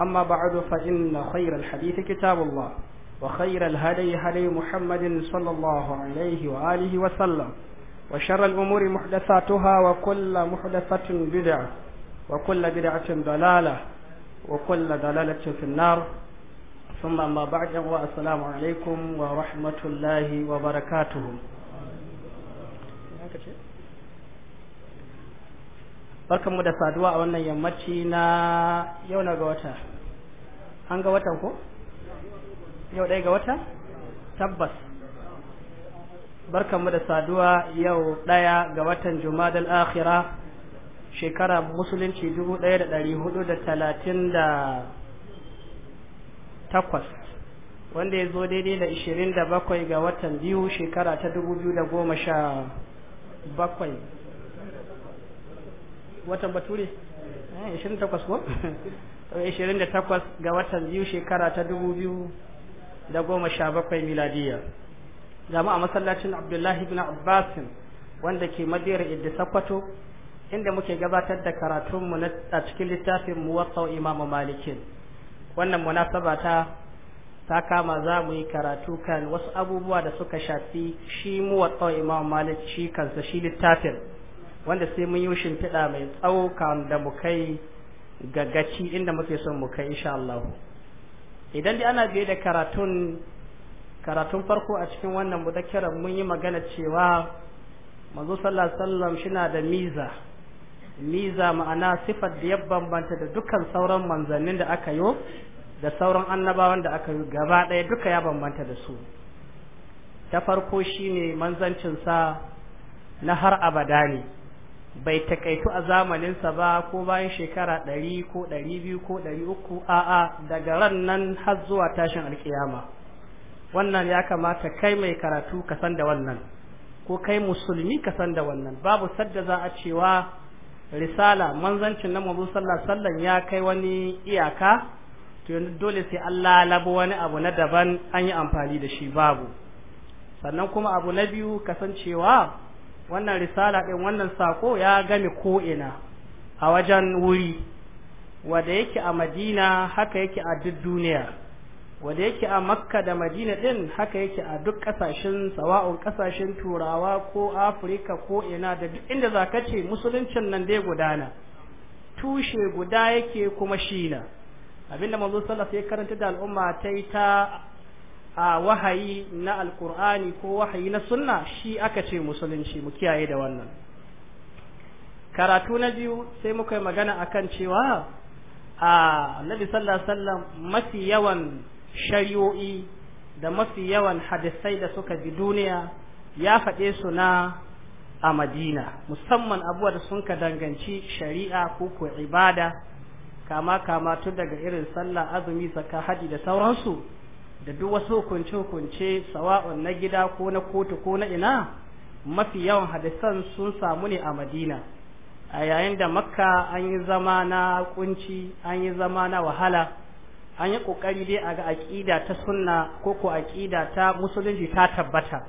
أما بعد فإن خير الحديث كتاب الله وخير الهدي هدي محمد صلى الله عليه وآله وسلم وشر الأمور محدثاتها وكل محدثة بدعة وكل بدعة ضلالة وكل ضلالة في النار ثم أما بعد والسلام عليكم ورحمة الله وبركاته barkanmu da saduwa a wannan yammaci na yau na ga wata an ga watan ko yau ɗaya ga wata tabbas barkanmu da saduwa yau ɗaya ga watan jumadal akhira shekara musulunci dubu ɗaya da ɗari hudu da talatin da takwas wanda ya zo daidai da ishirin da bakwai ga watan biyu shekara ta dubu biyu da goma sha bakwai watan bature? Eh, ishirin takwas ko? 28 ga watan biyu shekara ta 2017 miladiya jama'a masallacin abdullahi Ibn abbasin wanda ke madera idda sakwato inda muke gabatar da karatunmu a cikin littafin muwatsau imamu malikin wannan munasaba ta ta kama za mu yi karatu kan wasu abubuwa da suka shafi shi muwatsau imamu malik shi kansa shi littafin wanda sai mun yi shimfiɗa mai tsawo da mu kai gaggaci inda muke son mu kai insha Allah idan dai ana biye da karatun karatun farko a cikin wannan mudakkirar mun yi magana cewa manzo sallallahu alaihi wasallam shina da miza miza ma'ana sifar da ya bambanta da dukkan sauran manzannin da aka yi da sauran annabawan da aka yi gaba ɗaya duka ya bambanta da su ta farko shine manzancinsa na har abada ne bai takaitu a zamaninsa ba ko bayan shekara ɗari ko ɗari biyu ko ɗari uku a'a daga ran nan har zuwa tashin alkiyama wannan ya kamata kai mai karatu ka san da wannan ko kai musulmi ka san da wannan babu sadda za a cewa risala manzancin na mabu sallah ya kai wani iyaka to yanzu dole sai Allah lalabo wani abu na daban an yi amfani da shi babu sannan kuma abu na biyu kasancewa wannan risala ɗin wannan sako ya gami ko'ina a wajen wuri wanda yake a madina haka yake a duk duniya wanda yake a makka da madina ɗin haka yake a duk ƙasashen sawa'un ƙasashen turawa ko afirka koina da duk inda za ka ce musuluncin nan dai gudana tushe guda yake kuma shina abinda manzo sallallahu ya karanta da al'umma ta yi ta a wahayi na alkur'ani ko wahayi na sunna shi aka ce musulunci mu kiyaye da wannan karatu na biyu sai muka yi magana akan cewa a nabi sallallahu mafi yawan shari'o'i da mafi yawan hadisai da suka bi duniya ya faɗe su na a madina musamman abuwa da sun ka danganci shari'a ko ko ibada kama kama tun daga irin sallah azumi zakka haɗi da sauransu da duk wasu hukunce-hukunce sawa'un na gida ko na kotu ko na ina mafi yawan hadisan sun samu ne a madina a yayin da makka an yi zama na kunci an yi zama na wahala an yi kokari dai a ga aƙida ta sunna ko ko aƙida ta musulunci ta tabbata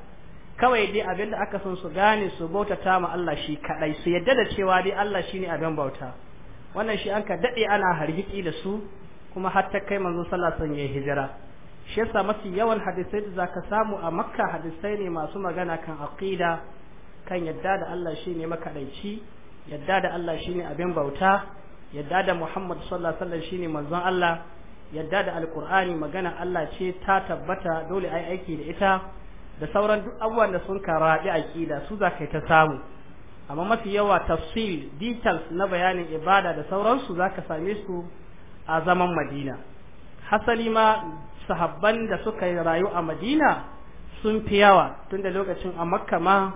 kawai dai abin da aka sun su gane su bautata ma Allah shi kaɗai, su yadda da cewa dai Allah shi ne abin bauta wannan shi an ka dade ana hargitsi da su kuma har ta kai manzo sallallahu alaihi wasallam hijira shi mafi yawan hadisai da zaka samu a makka hadisai ne masu magana kan aqida kan yadda da Allah shine makadaici yadda da Allah shine abin bauta yadda da Muhammad sallallahu alaihi wasallam shine manzon Allah yadda da alqur'ani magana Allah ce ta tabbata dole ai aiki da ita da sauran duk abubuwan da sun karaɗi aqida su zaka ta samu amma mafi yawa tafsil details na bayanin ibada da sauransu zaka same su a zaman Madina hasali ma sahabban da suka rayu a madina sun fi yawa tunda lokacin a makka ma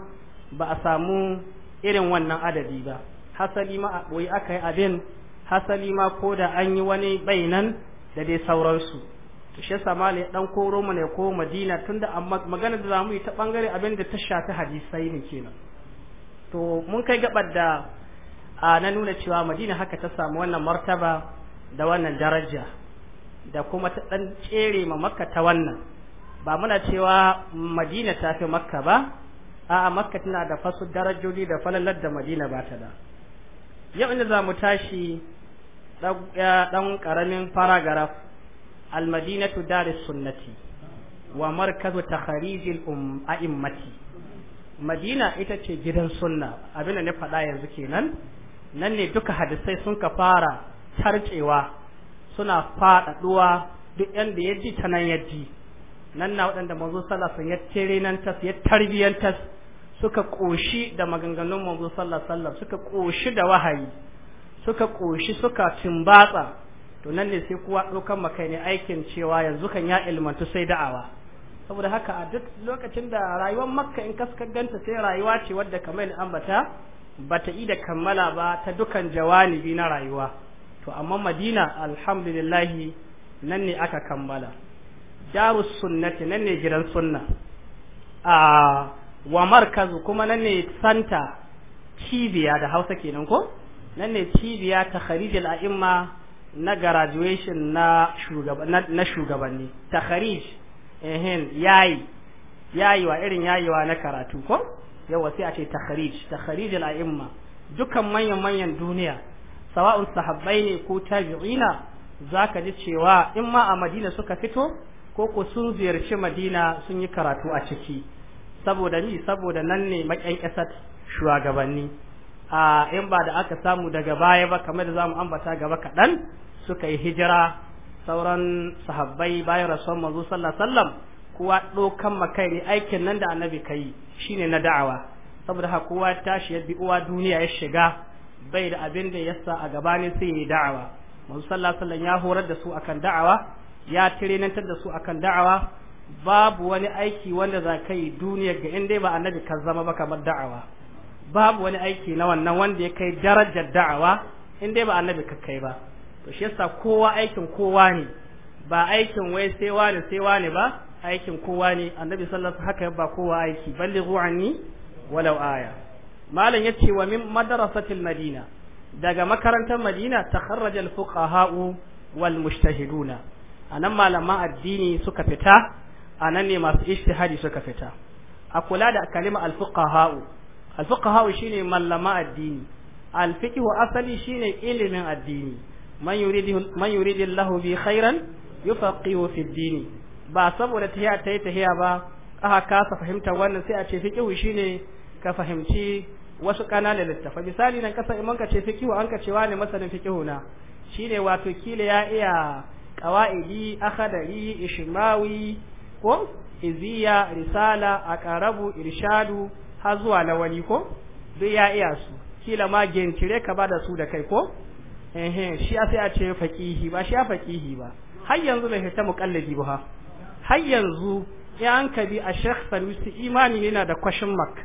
ba a samu irin wannan adadi ba hasali ma a ɓoyi aka yi abin hasali ma ko da an yi wani bainan da dai sauransu to shi yasa ma dan koro mu ne ko madina tunda amma magana da zamu yi ta bangare abin da ta shafi hadisai ne kenan to mun kai gabar da a na nuna cewa madina haka ta samu wannan martaba da wannan daraja da kuma ta ɗan tsere ma makka ta wannan ba muna cewa madina ta fi makka ba a'a makka tana da fasu darajoji da falalar da madina ba ta da yau inda za mu tashi dan karamin faragaraf almadinatu daris sunnati wa markazu takharijil um a'immati madina ita ce gidan sunna abin da na faɗa yanzu kenan nan ne duka hadisai sun ka fara tarcewa suna faɗaɗuwa duk yanda ya ji ta nan ya ji nan na waɗanda manzo sallallahu alaihi wasallam ya tere nan tas ya tarbiyantas suka koshi da maganganun manzo sallallahu alaihi wasallam suka koshi da wahayi suka koshi suka timbatsa to nan ne sai kowa ɗaukan makai ne aikin cewa yanzu kan ya ilmantu sai da'awa saboda haka a duk lokacin da rayuwar makka in kaskar ganta sai rayuwa ce wadda kamar ambata bata yi da kammala ba ta dukan bi na rayuwa to amma madina alhamdulillahi nan ne aka kammala Daru sunnati nan ne gidan sunna a wa markazu kuma nan ne santa cibiya da hausa kenan ko nan ne cibiya ta kharijil a'imma na graduation na na shugabanni ta kharij ehen yayi wa irin yayiwa na karatu ko yawa sai a ce ta kharij ta kharijil a'imma dukan manyan manyan duniya sawa'un sahabbai ne ko tabi'ina zaka ji cewa in ma a Madina suka fito ko ko sun ziyarci Madina sun yi karatu a ciki saboda ni saboda nan ne makyan shugabanni a in ba da aka samu daga baya ba kamar da zamu ambata gaba kaɗan suka yi hijira sauran sahabbai bayan rasuwan manzo sallallahu alaihi wasallam kowa dokan makai ne aikin nan da annabi kai shine na da'awa saboda haka kowa tashi ya bi uwa duniya ya shiga bai da abin da yasa a gaba ne sai yi da'awa manzo sallallahu alaihi ya horar da su akan da'awa ya tirenantar da su akan da'awa babu wani aiki wanda za ka yi duniya ga in dai ba annabi ka zama ba kamar da'awa babu wani aiki na wannan wanda ya kai darajar da'awa in dai ba annabi ka kai ba to shi yasa kowa aikin kowa ne ba aikin wai sai wani sai wani ba aikin kowa ne annabi sallallahu alaihi haka ba kowa aiki balighu anni walau aya malam yace wa min madrasatil madina daga makarantar madina takharraja al fuqaha'u wal mujtahiduna anan malama addini suka fita anan ne masu ijtihadi suka fita a kula da kalima al fuqaha'u al fuqaha'u shine malama addini al fiqhu asali shine ilimin addini man yuridu man yuridillahu bi khairan yufaqihu fi dini ba saboda tahiya tayi tahiya ba aka kasa fahimta wannan sai a ce fiqhu shine ka fahimci wasu kananan littafa misali nan kasan in ka ce fikihu an ka cewa ne masanin fikihu na shine wato kila ya iya qawaidi akhadari ishmawi ko iziya risala aqarabu irshadu har zuwa lawani ko duk ya iya su kila ma gencire ka bada su da kai ko ehe shi sai a ce faqihi ba shi a faqihi ba har yanzu ne ta muqallidi ba har yanzu ya an bi a shekh Sanusi imani yana da question mark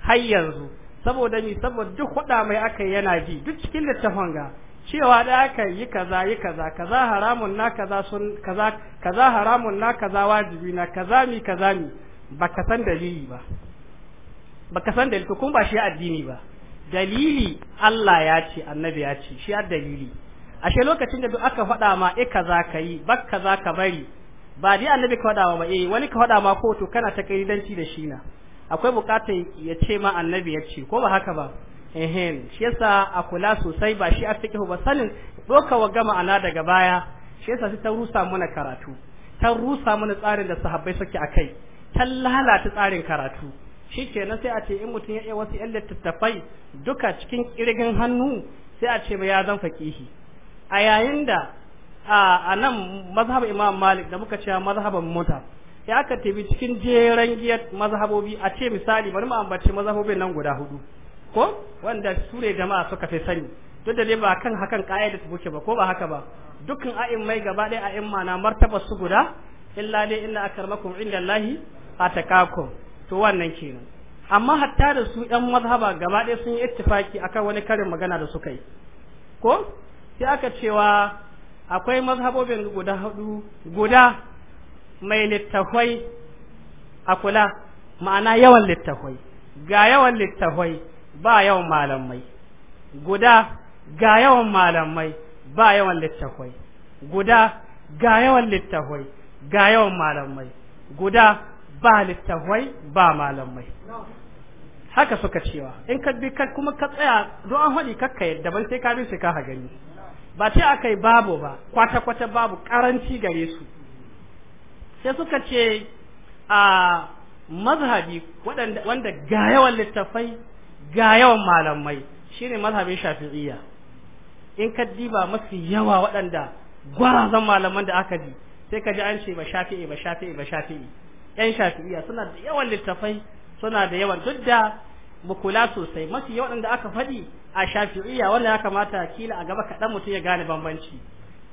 har yanzu saboda ni saboda duk hada mai aka yana ji duk cikin littafin ga cewa da aka yi kaza yi kaza kaza haramun na kaza sun kaza kaza haramun na kaza wajibi na kaza mi kaza mi baka san dalili ba baka san dalili kuma ba shi addini ba dalili Allah ya ce annabi ya ce shi dalili ashe lokacin da duk aka fada ma e kaza kai yi bak kaza ka bari ba dai annabi ka fada ma ba eh wani ka fada ma ko to kana ta kai danci da shi na akwai bukatar ya ce ma annabi ya ce ko ba haka ba ehen shi yasa a kula sosai ba shi afiqihu ba sanin doka wa gama ana daga baya shi yasa sai ta rusa mana karatu ta rusa mana tsarin da sahabbai suke kai ta lalata tsarin karatu shi ke na sai a ce in mutum ya iya wasu yan littattafai duka cikin kirgin hannu sai a ce ba ya zan faƙihi a yayin da a nan mazhabin imam malik da muka ce mazhaban mota ya aka tafi cikin jeren giyar mazhabobi a ce misali bari mu ambaci mazhabobin nan guda hudu ko wanda sure jama'a suka fi sani duk da dai ba kan hakan ka'ida su buke ba ko ba haka ba dukkan a'immai gaba ɗaya a'imma na martaba su guda illa dai inna akarmakum indallahi atakakum to wannan kenan amma hatta da su ɗan mazhaba gaba ɗaya sun yi ittifaki akan wani karin magana da suka yi ko sai aka cewa akwai mazhabobin guda hudu guda mai littafai a kula ma'ana yawan littafai ga yawan littafai ba yawan malamai guda ga yawan malamai ba yawan littafai guda ga yawan littafai ga yawan malamai guda ba littafai ba malamai haka suka cewa in ka bi kuma ka tsaya don an haɗi kakka yadda ban sai ka bi su ka gani ba ce yi babu ba kwata-kwata babu karanci gare su sai suka ce a mazhabi wanda ga yawan littafai ga yawan malamai shine mazhabin shafi'iyya in ka diba mafi yawa waɗanda gwarazan malaman da aka bi sai ka ji an ce ba shafi'i ba shafi'i ba shafi'i yan shafi'iyya suna da yawan littafai suna da yawan duk da mukula sosai mafi yawan da aka faɗi a shafi'iyya wanda ya kamata kila a gaba kaɗan mutum ya gane bambanci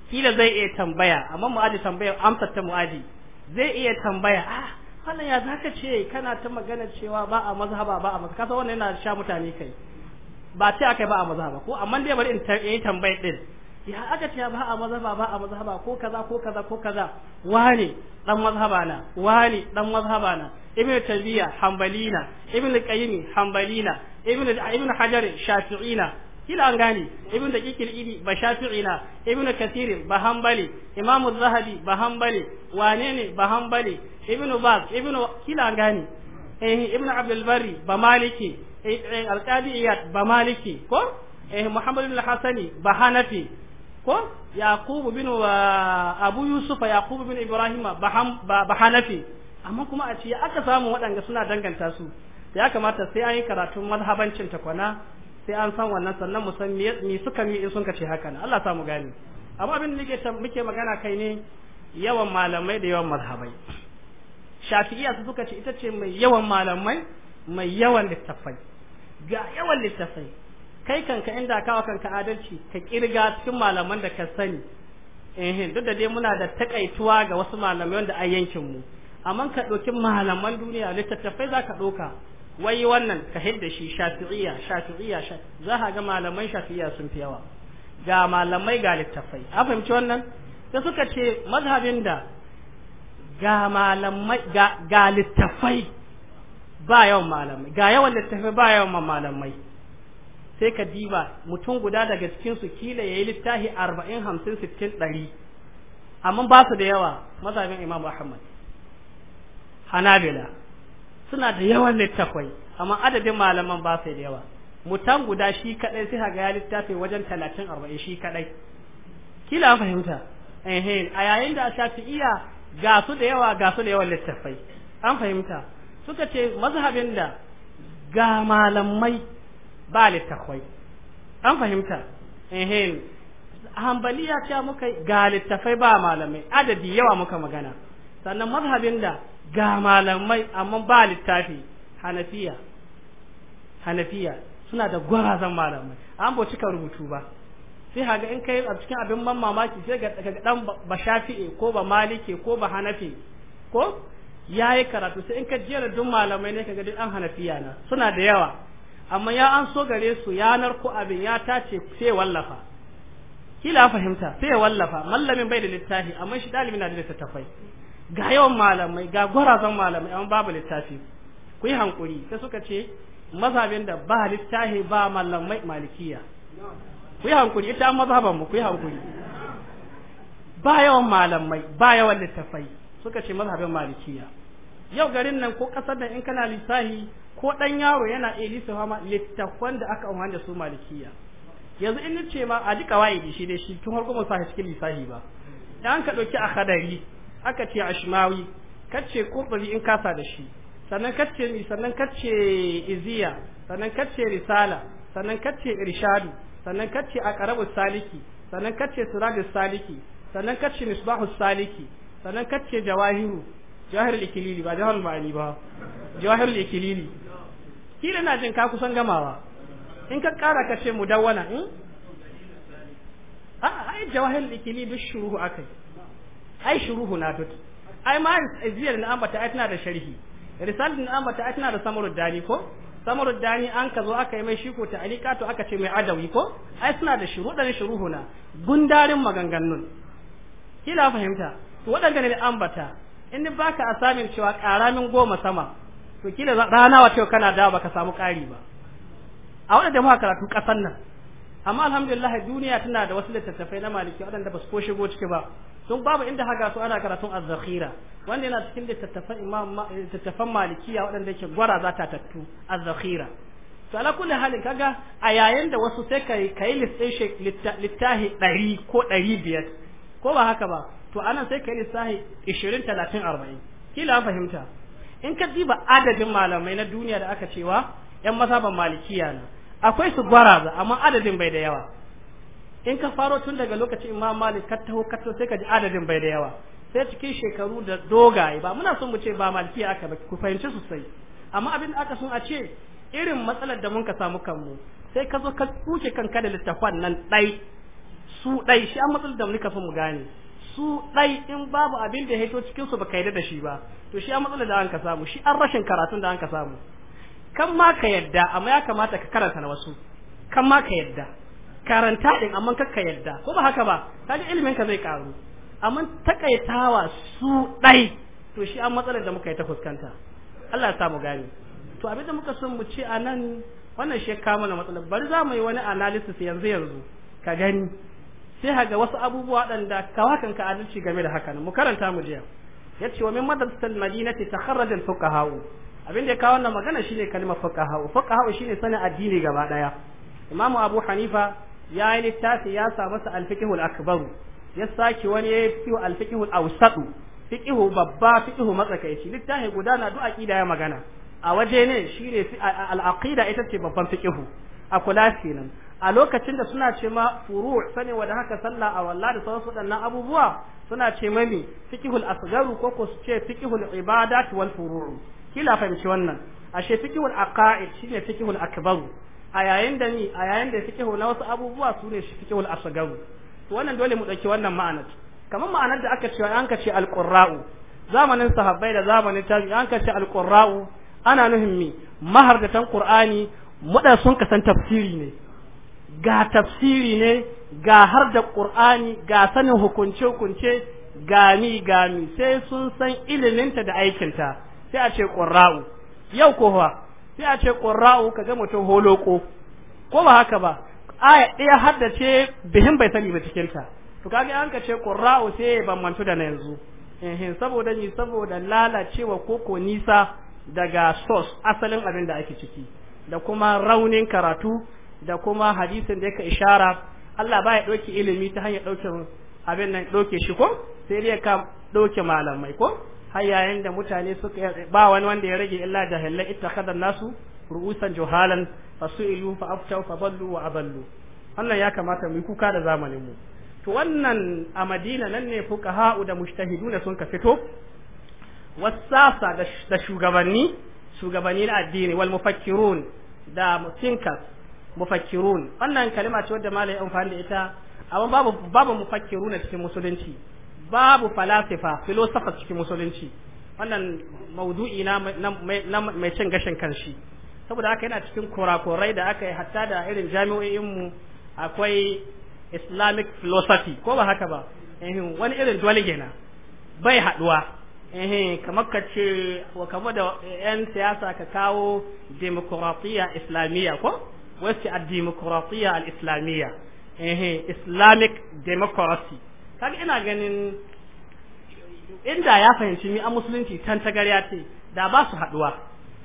kila zai iya tambaya amma mu'adi tambayar amsar ta mu'adi zai iya tambaya a ah, wannan ya zaka ce kana ta magana cewa ba a mazhaba ba a mazhaba kasa wannan yana sha mutane kai ba ce akai ba a mazhaba ko amma dai bari in yi tambayar din ya aka ce ba a mazhaba ba a mazhaba ko kaza ko kaza ko kaza wani dan mazhaba na wani dan mazhaba na ibnu tabiya hanbalina ibnu qayyim hanbalina ibnu ibnu hajar shafi'ina kila an gane ibn daqiqil idi ba shafi'i na ibn kathir ba hanbali Imam zahabi ba hanbali wane ne ba hanbali ibn baz ibn kila an gane eh ibn abdul bari ba maliki eh, eh al qadiyat ba maliki ko eh muhammad ibn hasani ba hanafi ko yaqub bin abu yusuf yaqub bin Ibrahim ba hanafi amma kuma a ce aka samu wadanda suna danganta su ya kamata sai an yi karatun mazhabancin takwana sai an san wannan sannan mu san me suka mi in sun kace haka na Allah samu gani amma abin da nake muke magana kai ne yawan malamai da yawan mazhabai shafi'iyya su suka ce ita ce mai yawan malamai mai yawan littafai ga yawan littafai kai kanka inda kawa kanka adalci ka kirga cikin malaman da ka sani eh duk da dai muna da takaituwa ga wasu malamai wanda a yankin mu amma ka malaman duniya littattafai zaka ka ɗauka wai wannan ka hidda shi shafi'iyya shafi'iyya za ka ga malaman shafi'iyya sun fi yawa ga malamai ga littafai a fahimci wannan da suka ce mazhabin da ga malamai ga littafai ba yawan malamai ga yawan littafai ba yawan malamai sai ka diba mutum guda daga cikin su kila yayi littafi 40 50 60 100 amma ba su da yawa mazhabin Imam Ahmad Hanabila suna da yawan littafai amma adadin malaman ba su da yawa mutan guda shi kadai sai haga ya littafi wajen talatin 40 shi kadai kila fahimta eh a yayin da shafi'iyya ga su da yawa ga su da yawan littafai an fahimta suka ce mazhabin da ga malamai ba littafai an fahimta eh hanbaliya ta muka ga littafai ba malamai adadi yawa muka magana sannan mazhabin da ga malamai amma ba littafi hanafiya hanafiya suna da gwarazan malamai an bo cika rubutu ba sai haga in kai a cikin abin ban mamaki sai ga dan ba shafi'i ko ba malike ko ba hanafi ko ya yi karatu sai in ka jira duk malamai ne kaga ga dan hanafiya na suna da yawa amma ya an so gare su yanar ko abin ya tace sai wallafa kila fahimta sai wallafa mallamin bai da littafi amma shi dalibi na da littattafai ga yawan malamai ga gwarazan malamai amma babu littafi ku yi hankuri sai suka ce mazhabin da ba littafi ba malamai malikiya ku yi hankuri ita an mazhaban mu ku yi hankuri ba yawan malamai ba yawan littafai suka ce mazhabin malikiya yau garin nan ko kasar da in kana littafi ko dan yaro yana iya lissafa ma littafan da aka umarni da su malikiya yanzu in ce ma a duka waye shi dai shi tun harko mu sa cikin lissafi ba dan ka dauki a hadari aka ce ashmawi kace kurtubi in kasa da shi sannan kace mi sannan kace iziya sannan kace risala sannan kace irshadu sannan kace aqrabu saliki sannan kace sirajus saliki sannan kace misbahu saliki sannan kace jawahiru jawahirul ikilili ba jawahirul ma'ani ba jawahirul ikilili kila na jin ka kusan gamawa in ka kara kace mudawwana in hmm? a'a ai jawahirul ikilili shuruhu akai ai shuruhu na tut ai ma ziyar na ambata ai tana da sharhi risalat na ambata ai tana da samarud dani ko samarud dani an ka zo aka yi mai shiko ta alika to aka ce mai adawi ko ai suna da shuruɗan na. gundarin maganganun kila fahimta to waɗanda ne ambata in baka asamin cewa karamin goma sama to kila rana wa kana da baka samu kari ba a waɗanda muka karatu ƙasar nan amma alhamdulillah duniya tana da wasu littattafai na maliki waɗanda ba su ko shigo ciki ba don babu inda haka su ana karatun azzakhira wanda yana cikin littattafan imam littattafan malikiya waɗanda yake gwara za ta tattu azzakhira to ala kulli halin kaga a yayin da wasu sai kai kai listin littahi 100 ko 500 ko ba haka ba to anan sai kai lissahi 20 30 40 kila fahimta in ka diba adadin malamai na duniya da aka cewa yan mazhaban malikiya na akwai su gwaraza amma adadin bai da yawa in ka faro tun daga lokacin imam malik ka taho ka sai ka ji adadin bai da yawa sai cikin shekaru da dogaye ba muna son mu ce ba maliki aka ba ku fahimci sosai amma abin da aka son a ce irin matsalar da mun ka samu kanmu sai ka zo ka tuke kanka da littafan nan ɗai su ɗai shi an matsalar da ka son mu gane su ɗai in babu abin da ya hito cikin su baka yarda da shi ba to shi an matsalar da an ka samu shi an rashin karatu da an ka samu kan ma ka yadda amma ya kamata ka karanta na wasu kan ma ka yadda karanta din amma ka yadda ko ba haka ba kaga ilimin ka zai karu amma takaitawa su dai to shi an matsalar da muka yi ta fuskanta Allah ya samu gani to abin da muka son mu ce a nan wannan shi ka mana matsalar bari za mu yi wani analysis yanzu yanzu ka gani sai haga wasu abubuwa waɗanda kawakan ka adalci game da haka mu karanta mu jiya yace wa min madrasatil madinati takharraja al-fuqaha abin da ya kawo wannan magana shine kalmar fuqaha fuqaha shine sanin addini gaba daya imamu abu hanifa ya yi littafi ya sa masa al akbar ya saki wani ya fiqhu al-fiqhul awsat fiqhu babba fiqhu matsakaici littafi guda na du'a aqida ya magana a waje ne shine al-aqida ita ce babban fiqhu a kula kenan a lokacin da suna ce ma furu' sani wa da haka sallah a walla da sauransu waɗannan abubuwa suna ce mami fiqhul asgaru ko ko su ce fiqhul ibadat wal furu' kila fahimci wannan ashe fiqhul aqaid shine fiqhul akbar a yayin da ni a yayin da fiqhu na wasu abubuwa sune shi fiqhul asghar to wannan dole mu dauki wannan ma'anar kamar ma'anar da aka cewa an kace alqurra'u zamanin sahabbai da zamanin tabi an kace alqurra'u ana nuhimmi mi mahardatan qur'ani muda sun kasan tafsiri ne ga tafsiri ne ga har da qur'ani ga sanin hukunce hukunce gami gami sai sun san iliminta da aikinta sai a ce ƙurra'u yau ko fa sai a ce ƙurra'u ka ga mutum holoko ko ba haka ba aya ɗaya haddace bihin bai sani ba cikin ta to kaga an ka ce ƙurra'u sai ban mantu da na yanzu eh saboda ni saboda lalacewa koko nisa daga sos asalin abin da ake ciki da kuma raunin karatu da kuma hadisin da yake ishara Allah ba ya ɗauke ilimi ta hanyar ɗauke abin nan ɗauke shi ko sai dai ka ɗauke malamai ko har yayin da mutane suka ba wani wanda ya rage illa jahilai ittakhadha nasu ru'usan juhalan fasu'ilu fa aftaw fa dallu wa wannan ya kamata mu yi kuka da zamanin mu to wannan a Madina nan ne fuqaha'u da mujtahiduna sun ka fito wasasa da shugabanni shugabanni na addini wal mufakkirun da thinkers mufakkirun wannan kalima ce wadda malai amfani da ita amma babu babu mufakkiruna cikin musulunci babu falasifa filosofa cikin musulunci wannan maudu'i na mai cin gashin kanshi saboda haka yana cikin kurakurai da aka yi hatta da irin jami'o'inmu akwai islamic philosophy ko ba haka ba wani irin dole na bai haduwa kamar ka ce wa kamar da 'yan siyasa ka kawo demokuratiyya islamiyya ko wasu a demokuratiyya al-islamiyya islamic democracy kaga ina ganin inda ya fahimci ni a musulunci tan ta gariya ce da ba su haduwa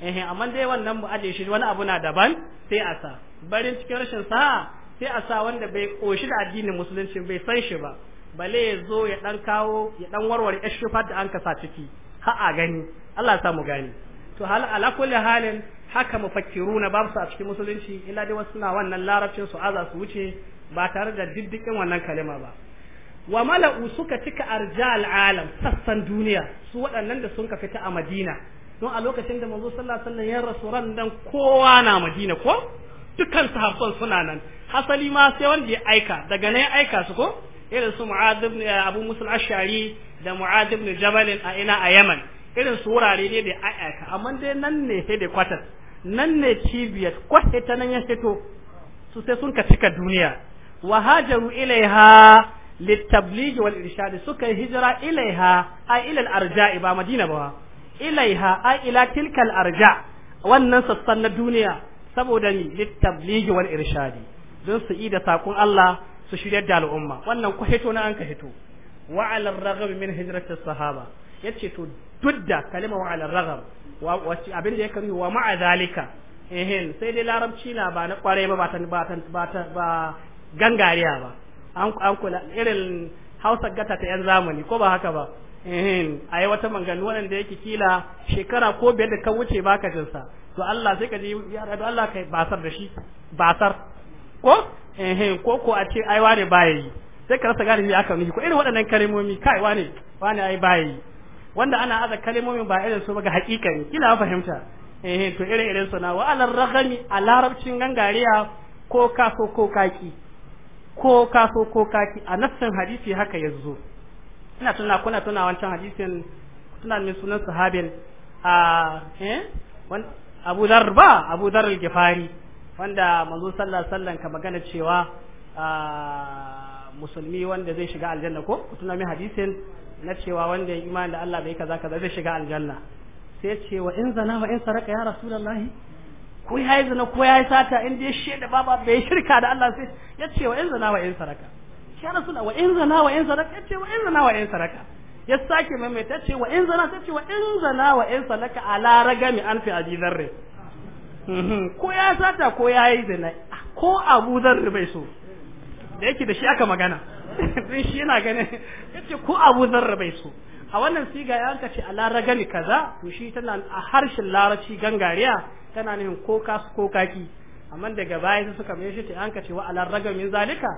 eh amma dai wannan mu aje shi wani abu na daban sai a sa barin cikin rashin sa sai a sa wanda bai koshi da addinin musulunci bai san shi ba bale ya zo ya dan kawo ya dan warware shifa da an kasa ciki ha a gani Allah ya sa mu gani to hal ala kulli halin haka mufakkiruna babu su a cikin musulunci illa dai wasu na wannan larabcin su aza su wuce ba tare da diddikin wannan kalima ba wa mala'u suka cika arjal alam sassan duniya su waɗannan da sun ka fita a madina don a lokacin da manzo sallallahu alaihi wasallam ya rasu ran dan kowa na madina ko dukkan sahabban suna nan hasali ma sai wanda ya aika daga nan ya aika su ko irin su mu'adh ibn eh, abu musul ashari da mu'adh ibn jabal a ina a yaman irin su wurare ne da ya aika amma dai nan ne sai da kwatar nan ne cibiyar ko ta nan ya fito su sai sun ka cika duniya wa hajaru ilaiha للتبليغ والإرشاد سكا هجرة إليها أي إلى الأرجاء با مدينة با إليها أي إلى تلك الأرجاء wannan sassan na duniya saboda ni littabligi wal irshadi don su ida sakon Allah su shiryar da al'umma wannan ku hito na an ka hito wa ala raghab min hijrati sahaba yace to dudda kalima wa ala raghab wa abin da ya kari wa ma'a zalika sai dai larabci na ba na kware ba ta gangariya ba an an kula irin hausa gata ta yan zamani ko ba haka ba ehin ayi wata manganu da yake kila shekara ko biyar da ka wuce baka ka jinsa to Allah sai ka ji ya rabu Allah kai basar da shi basar ko ko ko a ce ai wane baya yi sai ka rasa gane me aka nufi ko irin waɗannan kalmomi kai wane wane ai baya yi wanda ana aza kalmomin ba irin su ba ga hakika ne kila fahimta eh to irin irin suna wa alar ragami a larabcin gangariya ko ka ko kaki ko ka so ko ka ki a nassan hadisi haka ya zo ina tuna kuna tuna wancan hadisin tuna min sunan sahabin a eh Abu Dharr ba Abu Dharr al-Ghifari wanda manzo sallallahu alaihi wasallam ka magana cewa musulmi wanda zai shiga aljanna ko tuna min hadisin na cewa wanda ya imani da Allah bai kaza kaza zai shiga aljanna sai ce wa in zana wa in saraka ya rasulullahi ko ya yi zina ko ya yi sata in dai shi da baba bai shirka da Allah sai ya ce wa in zina wa in saraka ya rasula wa in zina wa in saraka ya ce wa in zina wa in saraka ya sake maimaita ce wa in zina ta ce wa in zina wa in saraka ala ragami an fi abi zarre hmm, ko ya sata ko ya yi zina ko abu zarre bai so da yake da shi aka magana din shi yana ganin Ya ce ko abu zarre bai so a wannan siga ya ce ala ragami kaza to shi tana a harshen larabci gangariya tana nufin ko ka ko kaki amma daga baya sai suka mai shi an ka ce wa alal ragam min zalika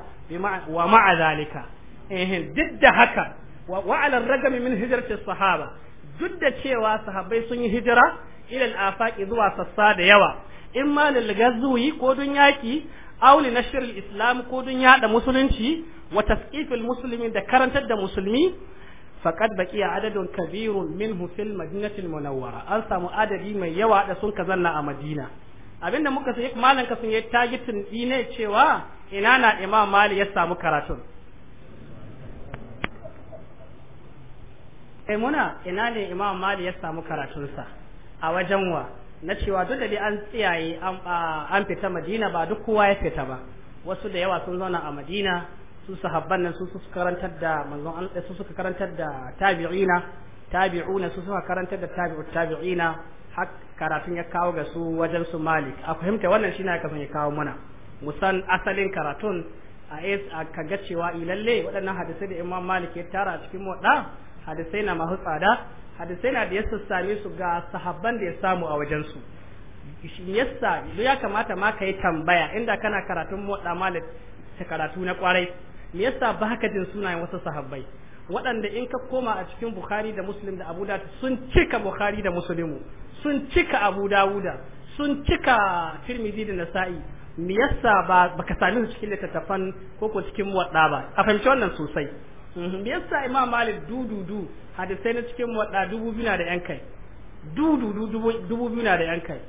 wa ma zalika eh duk da haka wa alal ragam min hijrati sahaba duk da cewa sahabbai sun yi hijira ila al-afaqi zuwa sassa da yawa in ma lil gazwi ko dun yaki aw li nashr al-islam ko dun yada musulunci wa tasqif al-muslimin da karantar da musulmi faqad a adadin kabirun min fil madinatil munawwara an samu adadi mai yawa da sun zanna a madina abinda muka sai malan ka sun yi tagitin dine cewa ina na imam mali ya samu karatun kai eh, muna ina ne imam mali ya samu karatunsa a wajen wa na cewa duk da dai an tsiyaye an fita madina ba duk kowa ya fita ba wasu da yawa sun zauna a madina su sahabban nan su su karantar da manzon Allah su suka karantar da tabi'ina tabi'una su suka karantar da tabi'u tabi'ina har karatun ya kawo ga su wajen su Malik a fahimta wannan shine aka ya kawo mana musan asalin karatun a es a kaga cewa ilalle eh, waɗannan hadisai da Imam Malik ya tara a cikin moɗa hadisai na masu tsada hadisai na da ya sami su ga sahabban da ya samu a wajen su yasa ya kamata ma ka yi tambaya inda kana karatun moɗa Malik ta karatu na kwarai me yasa ba haka jin sunayen wasu sahabbai waɗanda in ka koma a cikin bukhari da muslim da abu dawud sun cika bukhari da muslimu sun cika abu dawuda sun cika tirmidhi da nasa'i me yasa ba baka sami su cikin littattafan ko ko cikin waɗa ba a fahimci wannan sosai mhm, me yasa imam malik dududu hadisai na cikin waɗa dubu biyu na da yan kai dududu dubu biyu na da yan kai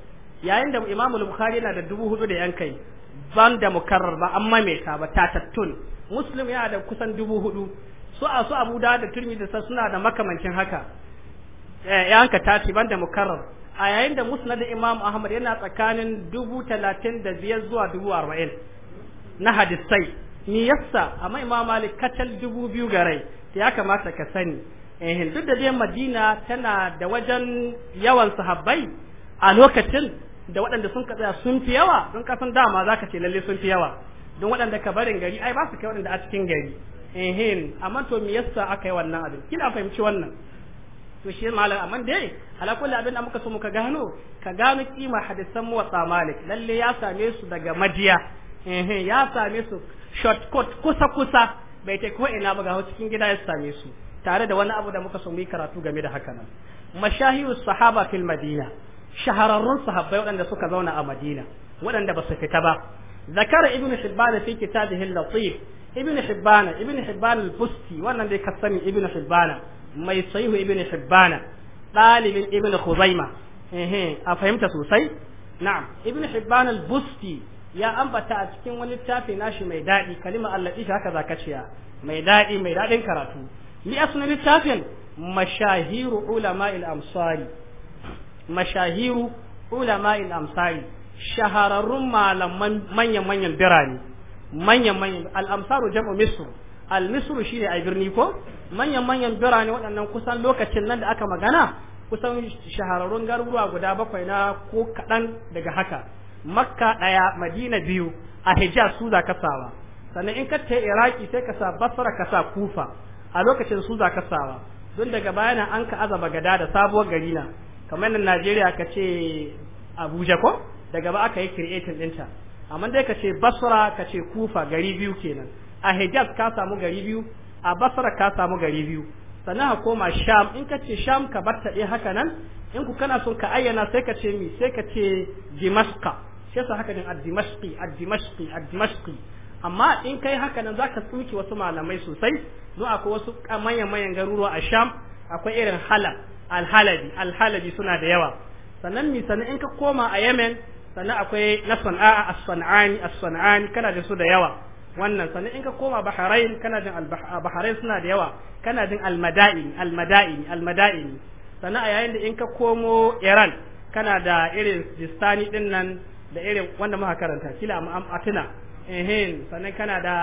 yayin da imam bukhari yana da dubu hudu da yan kai ban da mukarrar ba amma mai ta ba tattun muslim yana da kusan dubu hudu su a su abu da turmi da suna da makamancin haka eh, Ya ta ce ban da mukarrar a yayin da da imam ahmad yana tsakanin dubu talatin da biyar zuwa dubu arba'in na hadisai ni yassa amma imam malik kacal dubu biyu ga rai ya kamata ka sani in eh, duk da dai madina tana da wajen yawan sahabbai a lokacin da waɗanda sun ka tsaya sun fi yawa don kasan dama za ka ce lalle sun fi yawa don waɗanda ka barin gari ai ba su kai waɗanda a cikin gari ehin amma to me yasa aka yi wannan abin kina fahimci wannan to shi malam amma dai ala kulli abin da muka so muka gano ka gano kima hadisan mu wa malik lalle ya same su daga madiya ehin ya same su shortcut kusa kusa bai ta ko ina ba ga cikin gida ya same su tare da wani abu da muka so mu yi karatu game da hakanan nan sahaba fil madina shahararrun sahabbai waɗanda suka zauna a Madina waɗanda ba su fita ba zakara ibnu hibban fi kitabihi al-latif ibnu hibban ibnu hibban al-busti wannan dai ka sani ibnu hibban mai sahihu ibnu hibban dalibin ibnu khuzaima eh a fahimta sosai na'am ibnu hibban al-busti ya ambata a cikin wani littafi nashi mai daɗi kalima allaɗi shi haka zaka ciya mai daɗi mai daɗin karatu ni a littafin mashahiru ulama il amsari mashahiru ulama'il amsari shahararrun malaman manyan-manyan birane manyan-manyan al'amsaru jam'u misru al-misru shine a birni ko manyan-manyan birane waɗannan kusan lokacin nan da aka magana kusan shahararrun garuruwa guda bakwai na ko kaɗan daga haka makka ɗaya madina biyu a hijaz su za sawa sannan in ka ta iraki sai ka sa basra ka sa kufa a lokacin su za sawa don daga bayana an ka azaba gada da sabuwar gari na kamar nan Najeriya ka ce Abuja ko daga ba aka yi creating ɗinta amma dai ka ce Basra ka ce Kufa gari biyu kenan a Hijaz ka samu gari biyu a Basra ka samu gari biyu sannan ka koma Sham in ka ce Sham ka bar ta dai haka nan in ku kana son ka ayyana sai ka ce mi sai ka ce Dimashqa sai sa haka din ad-Dimashqi ad-Dimashqi ad-Dimashqi amma in kai haka nan zaka tsuki wasu malamai sosai don akwai wasu manyan manyan garuruwa a Sham akwai irin Halab alhalabi alhalabi suna da yawa sannan mi sannan in ka koma a yemen sannan akwai na sana'a a sanani a sanani kana da su da yawa wannan sannan in ka koma bahrain kana jin bahrain suna da yawa kana jin al-mada'in al-mada'in al sannan a yayin da in ka komo iran kana da irin distani din nan da irin wanda muka karanta kila a tuna ehin sannan kana da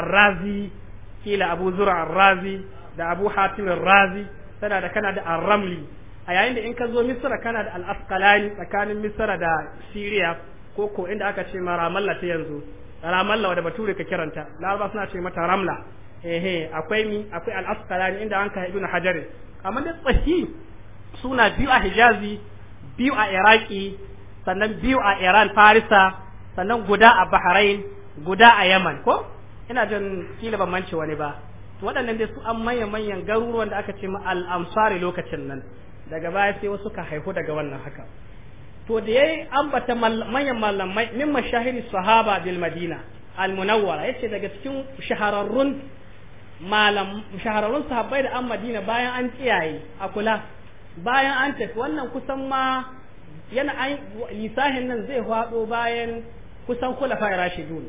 arrazi kila abu zura arrazi da abu hatim arrazi tana da kana da arramli a yayin da in ka zo misira kana da al-asqalani tsakanin misira da siriya ko ko inda aka ce ma ramalla ta yanzu ramalla wadda bature ka kiranta laraba suna ce mata ramla ehe akwai mi akwai al-asqalani inda an ka na hajar amma da tsahi suna biyu a hijazi biyu a iraki sannan biyu a iran farisa sannan guda a bahrain guda a yaman ko ina jin kila ban mance wani ba to waɗannan dai su an manyan manyan garuruwan da aka ce ma al'amsari lokacin nan daga baya sai wasu ka haihu daga wannan haka to da yayi ambata manyan malamai min mashahiri sahaba bil madina al munawwara yace daga cikin shahararrun malam shahararrun sahabbai da an madina bayan an tsiyaye a kula bayan an tafi wannan kusan ma yana an lisahin nan zai hwado bayan kusan kula fa rashidun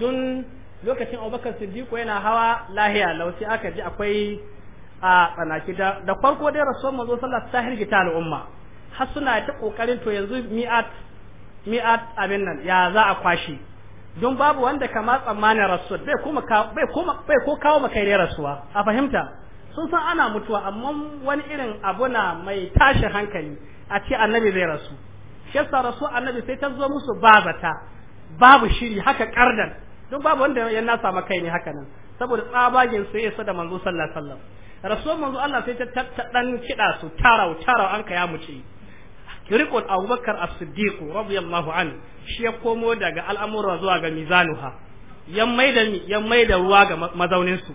dun lokacin abubakar siddiqo yana hawa lahiya lauci aka ji akwai a tsanaki da da farko dai rasul manzo sallallahu ta hirgita al'umma har suna ta kokarin to yanzu mi'at mi'at abin nan ya za a kwashi don babu wanda kama tsammanin rasul bai kuma bai kuma bai ko kawo maka ne rasuwa a fahimta sun san ana mutuwa amma wani irin abu na mai tashin hankali a ce annabi zai rasu shi yasa rasu annabi sai ta zo musu bazata babu shiri haka kardan duk babu wanda ya nasa maka ne haka nan saboda tsabagen su soyayya da manzo sallallahu alaihi wasallam rasul manzo Allah sai ta tattadan kida su tarau tarau an kaya mu ci riko Abubakar As-Siddiq radiyallahu an shi ya komo daga al'amura zuwa ga mizanuha ya maida ya maida ruwa ga mazaunin su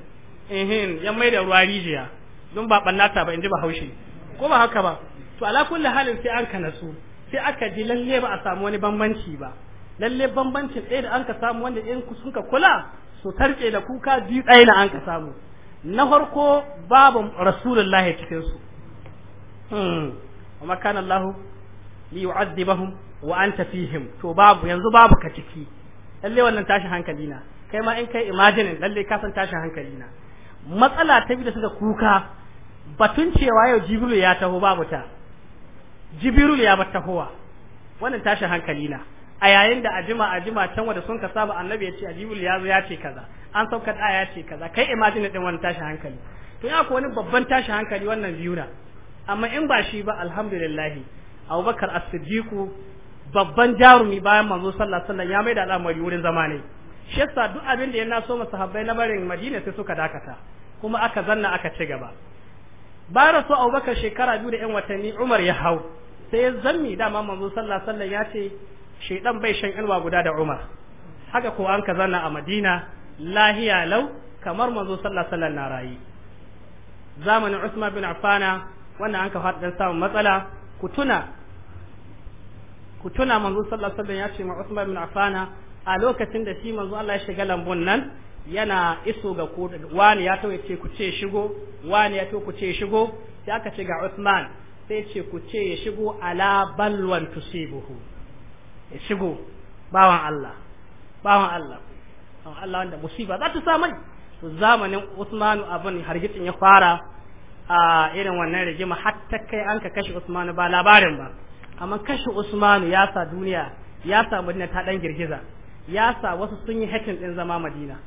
ehin ya maida ruwa rijiya don ba bannata ba inji ba haushi ko ba haka ba to ala kulli halin sai an kana su sai aka ji lalle ba a samu wani bambanci ba lalle bambancin ɗaya da an ka samu wanda in sun ka kula su tarke da kuka biyu ɗaya na an ka samu na farko babu rasulullahi ya cikin su hmm. amma kana Allah li yu'adhibahum wa anta fihim to babu yanzu babu ka ciki lalle wannan tashi hankali na kai ma in kai imagine lalle ka san tashi hankali na matsala ta bi da suka kuka batun cewa yau jibril ya taho babu ta jibril ya batta wannan tashin hankali na a yayin da a ajima jima can wanda sun ka saba annabi ya ce ajibul ya zo ya ce kaza an saukar aya ya ce kaza kai imagine din wani tashi hankali to ya ko wani babban tashi hankali wannan biyuna amma in ba shi ba alhamdulillah Abubakar As-Siddiq babban jarumi bayan manzo sallallahu alaihi wasallam ya mai da al'amari wurin zama ne shi yasa duk abin da ya naso masahabbai na barin Madina sai suka dakata kuma aka zanna aka ci gaba ba rasu Abubakar shekara biyu da yan watanni Umar ya hau sai ya dama manzo sallallahu alaihi wasallam ya ce shaidan bai shan inuwa guda da Umar haka ko an ka zanna a Madina lahiya lau kamar manzo sallallahu alaihi wasallam na rayi zamanin Usman bin Afana wannan an ka faɗa samun matsala ku tuna ku tuna manzo sallallahu alaihi wasallam ya ce ma Usman bin Afana a lokacin da shi manzo Allah ya shiga lambun nan yana iso ga ko wani ya tawo ce ku ce shigo wani ya to ku ce shigo sai aka ce ga Usman sai ce ku ce ya shigo ala balwan tusibuhu ya shigo bawan Allah bawan Allah bawan Allah wanda musiba za ta sa to zamanin Usmanu abin hargitsin ya fara a irin wannan rigima hatta kai an ka kashe Usmanu ba labarin ba amma kashe Usmanu ya sa duniya ya sa Madina ta dan girgiza ya sa wasu sun yi hakin din zama Madina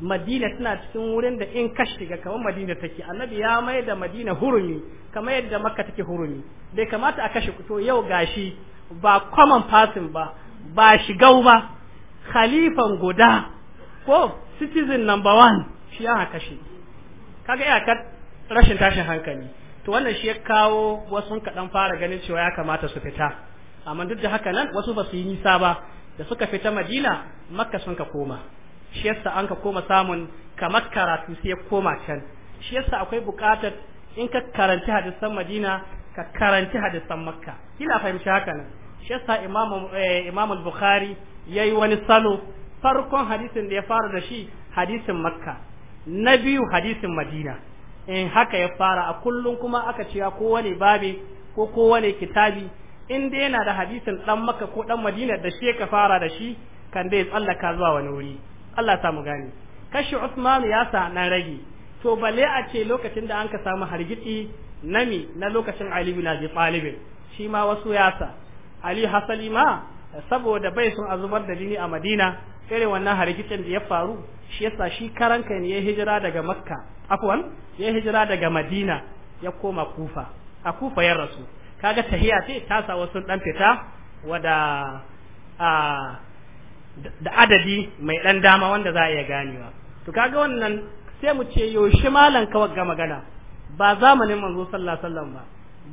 Madina tana cikin wurin da in ka shiga kamar Madina take Annabi ya mai da Madina hurumi kamar yadda Makka take hurumi bai kamata a kashe to yau gashi ba common person ba ba shigau ba khalifan guda ko citizen number one shi an kashe kaga ka rashin tashin hankali to wannan shi ya kawo wasu kaɗan fara ganin cewa ya kamata su fita amma duk da haka nan wasu ba su yi nisa ba da suka fita madina makka sun ka koma shi yasa an ka koma samun kamar karatu sai ya koma can shi yasa akwai buƙatar in ka karanci hadisan madina ka karanci hadisan makka kila fahimci haka nan shi yasa imamu eh, imamu bukhari yayi wani salo farkon hadisin da ya fara da shi hadisin makka na biyu hadisin madina in haka ya fara a kullum kuma aka cewa kowane babi ko kowane kitabi in dai yana da hadisin dan makka ko dan madina da shi ka fara da shi kan dai tsallaka zuwa wani wuri Allah ta mu gani kashi Usman ya sa nan rage to balle a ce lokacin da an ka samu hargitsi nami na lokacin Ali bin Abi Talib shi ma wasu yasa Ali hasali ma saboda bai sun azubar da jini a Madina kare wannan harikicin da ya faru shi yasa shi karan kai ne ya hijira daga Makka afwan ya hijira daga Madina ya koma Kufa a Kufa ya rasu kaga tahiya ce ta sa wasu dan fita wada a da adadi mai dan dama wanda za a iya ganewa to kaga wannan sai mu ce yaushe malan kawai ga magana ba zamanin manzo sallallahu alaihi wasallam ba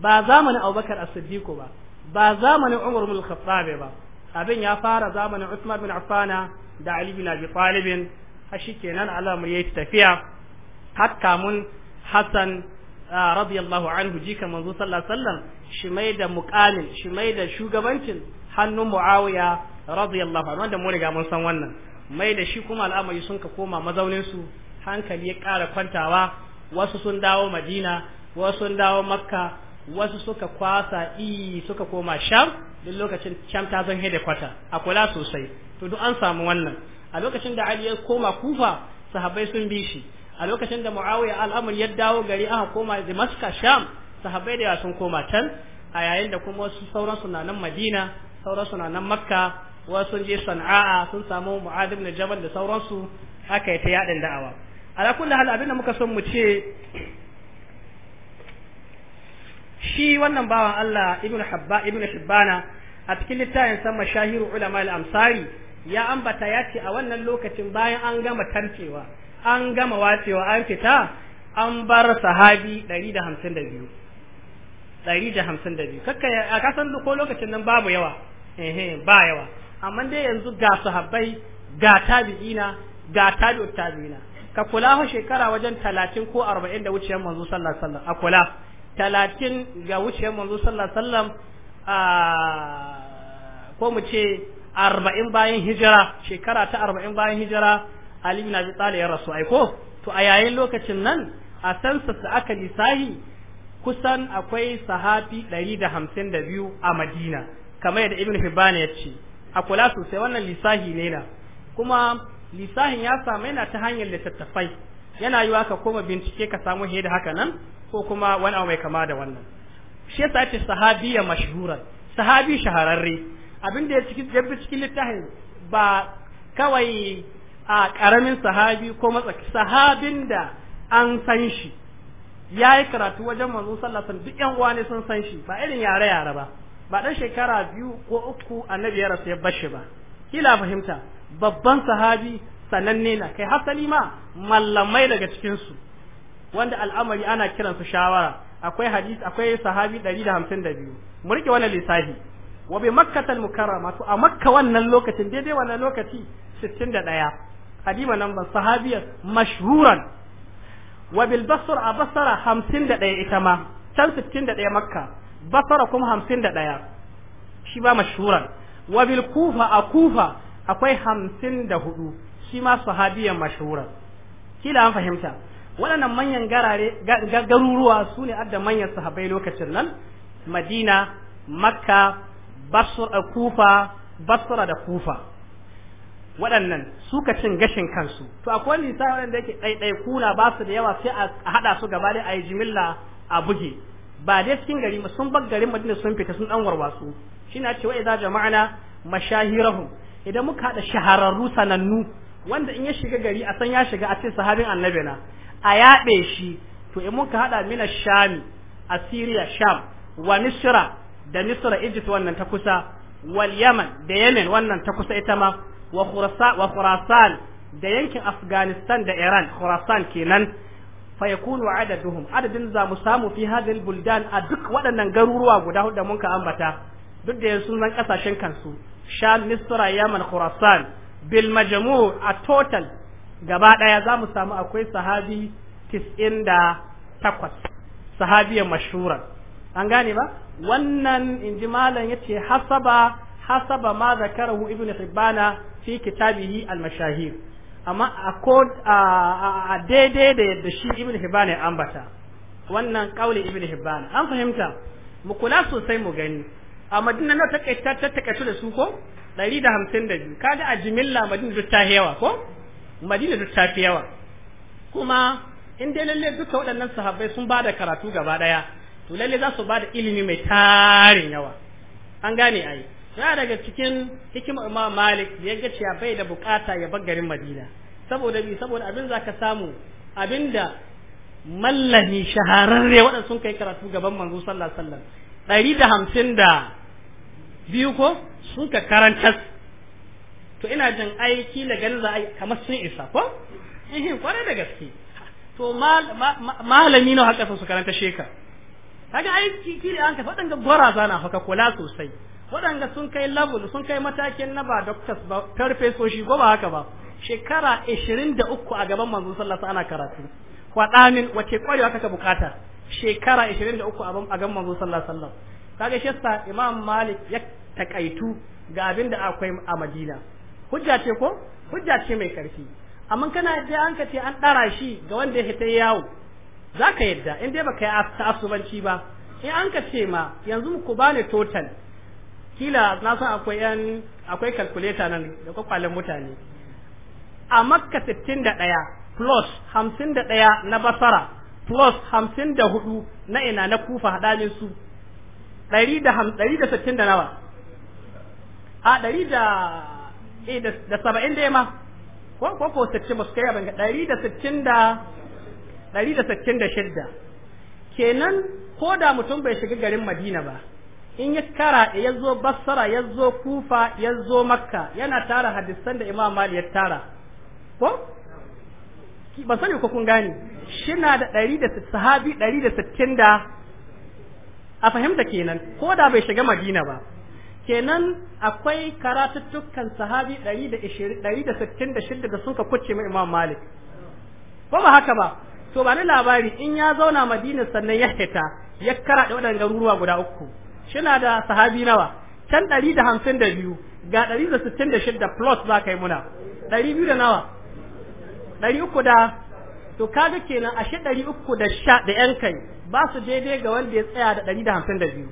ba zamanin Abubakar as-Siddiq ba ba zamanin Umar ibn al-Khattab ba abin ya fara zamanin Usman bin Affan da Ali bin Abi Talib har shikenan al'amari yayi tafiya hatta mun Hassan ah, radiyallahu anhu jika manzo sallallahu alaihi wasallam shi mai da muqamin shi mai da shugabancin hannun Muawiya radiyallahu anhu wanda mu riga mun san wannan mai da shi kuma al'amari sun ka koma mazaunin su hankali ya ƙara kwantawa wasu sun dawo madina wasu sun dawo makka wasu suka kwasa iyi suka koma sham duk lokacin sham ta zan hede kwata a kula sosai to duk an samu wannan a lokacin da ali ya koma kufa sahabbai sun bi shi a lokacin da muawiya al'amur ya dawo gari aka koma damascus sham sahabbai da sun koma can a yayin da kuma wasu sauran suna nan madina sauran suna nan makka wasu sun je sana'a sun samu mu'adib na jabal da sauransu aka yi ta yadin da'awa ala kulli hal abinda muka son mu ce shi wannan bawan Allah ibnu habba ibnu shibbana a cikin littafin sama shahiru ulama al-amsari ya ambata ya ce a wannan lokacin bayan an gama tancewa an gama wacewa an fita an bar sahabi 152 152 kakka a kasan ko lokacin nan babu yawa ehe ba yawa amma dai yanzu ga sahabbai ga tabi'ina ga tabi'ut tabi'ina ka kula shekara wajen talatin ko arba'in da wuce manzo sallallahu alaihi wasallam a kula talatin ga wuce manzo sallallahu alaihi wasallam a ko mu ce arba'in bayan hijira shekara ta arba'in bayan hijira Ali bin Abi Talib ya rasu ai ko to a yayin lokacin nan a sansa su aka lisahi kusan akwai sahabi 152 a Madina kamar yadda Ibn Hibban ya ce a kula sosai wannan lisahi ne na kuma lisahin ya samu yana ta hanyar littattafai yana yiwa ka koma bincike ka samu he da haka nan ko kuma wani abu mai kama da wannan shi yasa sahabi sahabiya mashhura sahabi shahararre abin da ya ciki jabbi cikin littafin ba kawai a karamin sahabi ko matsaki sahabin da an san shi ya yi karatu wajen manzo sallallahu alaihi duk yan uwa ne sun san shi ba irin yare yare ba ba dan shekara biyu ko uku annabi ya rasu ya bashi ba kila fahimta babban sahabi sananne na kai hasali ma mallamai daga cikinsu. wanda al'amari ana kiransu shawara akwai hadisi akwai sahabi 152 mu rike wannan lissafi wa bi makkatal mukarrama to a makka wannan lokacin daidai wannan lokaci 61 hadima nan ba sahabiyar mashhuran wa bil basra a basra 51 ita ma can 61 makka basra kuma 51 shi ba mashhuran wa bil kufa a kufa akwai hamsin da hudu shi ma sahabiyan mashhura kila an fahimta waɗannan manyan garuruwa su ne adda manyan sahabai lokacin nan madina makka basra kufa basra da kufa waɗannan suka cin gashin kansu to akwai wani sai waɗanda yake ɗaiɗai kuna ba su da yawa sai a haɗa su gaba da a jimilla a buge ba dai cikin gari sun bar garin madina sun fita sun ɗan warwasu shi na cewa idza jama'ana mashahirahum idan muka haɗa shahararru sanannu wanda in ya shiga gari a san ya shiga a ce sahabin annabi na a yaɗe shi to in muka haɗa mina shami asiriya sham wa misra da misra egypt wannan ta kusa wal yaman da yemen wannan ta kusa ita ma wa khurasan da yankin afghanistan da iran khurasan kenan fa yakunu adaduhum adadin za mu samu fi hadhihi buldan a duk waɗannan garuruwa guda hudu da muka ambata duk da yanzu nan kasashen kansu sham misra yaman khurasan bil majmu' a total gaba za zamu samu akwai sahabi takwas sahabiyar Mashura. an gane ba wannan inji malam yace hasaba hasaba ma zakarahu Ibn hibbana fi kitabihi al mashahir amma a daidai da yadda shi ibn Hibbana ya ambata wannan kauli ibn Hibbana an fahimta mu kula sosai mu gani a madina na ta ta takaitu da su ko ɗari da hamsin da biyu kaga a jimilla madina duk ta yawa ko madina duk ta fi yawa kuma in dai lalle duka waɗannan sahabbai sun bada karatu gaba ɗaya to lalle za su bada ilimi mai tarin yawa an gane ai ya daga cikin hikimar imam malik da ya ga cewa bai da bukata ya bar garin madina saboda bi saboda abin za ka samu abinda mallami shahararre waɗanda sun kai karatu gaban manzo sallallahu alaihi wasallam da hamsin da biyu ko sun ka karantar to ina jin ai kila ganin za a kamar sun isa ko eh kwarai da gaske to malami nawa haka su karanta sheka kaga ai kila an ka faɗan gora zana na haka kula sosai waɗanda sun kai level sun kai matakin na ba doctors ba farfesoshi ko ba haka ba shekara 23 a gaban manzon sallallahu alaihi ana karatu faɗa wace ƙwarewa kaka bukata shekara 23 a gaban manzon sallallahu alaihi kaga shi sa imam malik ya takaitu ga abin da akwai a madina hujja ce ko hujja ce mai karfi amma kana da an ka ce an dara shi ga wanda ya tayi yawo zaka yadda in dai baka yi ta'assubanci ba in an ka ce ma yanzu ku bani total kila na san akwai yan akwai calculator nan da kwakwalen mutane a makka 61 plus 51 na basara plus 54 na ina na kufa hadalin su ɗari da ham ɗari da sittin da nawa a ɗari eh, da da saba'in da ma ko ko ko sittin ba su kai abin ɗari da sittin da ɗari da sittin da shidda kenan ko da mutum bai shiga garin madina ba in ya kara ya zo bassara ya zo kufa ya zo makka yana tara hadisan da imam mali ya tara ko ba sani ko kun gane shina da ɗari da sahabi ɗari da sittin da a fahimta kenan ko da bai shiga madina ba kenan akwai karatuttukan sahabi 166 da sun ka kuce mai imam malik ko ba haka ba to ba ni labari in ya zauna madina sannan ya fita ya karaɗe waɗannan garuruwa guda uku shina da sahabi nawa can ɗari da hamsin da biyu ga ɗari da sittin da shidda plus za ka yi muna ɗari biyu da nawa ɗari uku da to kaga kenan ashe ɗari uku da sha da yan kai ba su daidai ga wanda ya tsaya da ɗari da hamsin da biyu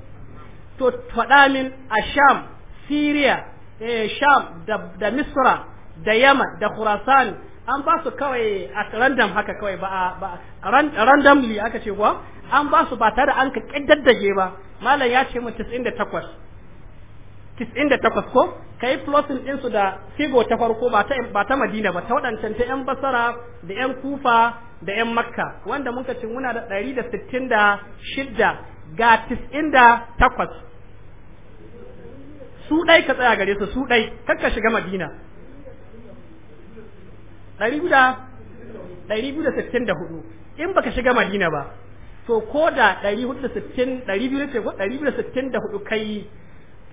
to faɗa min a sham syria eh, sham da, da misra da yaman da khurasan an ba su kawai a random haka kawai ba, ba ran, randomly aka ce kuwa an ba su ba tare an ka ƙiddaddage ba malam ya ce mu 98 takwas ko yi plusin din su da figo ta farko ba ta ba ta Madina ba ta waɗancan ta yan basara da yan Kufa da yan Makka wanda muka ce muna da da da sittin shidda ga takwas. su ɗai ka tsaya gare su su dai kakka shiga Madina da sittin hudu in baka shiga Madina ba to ko da biyu da sittin da hudu kai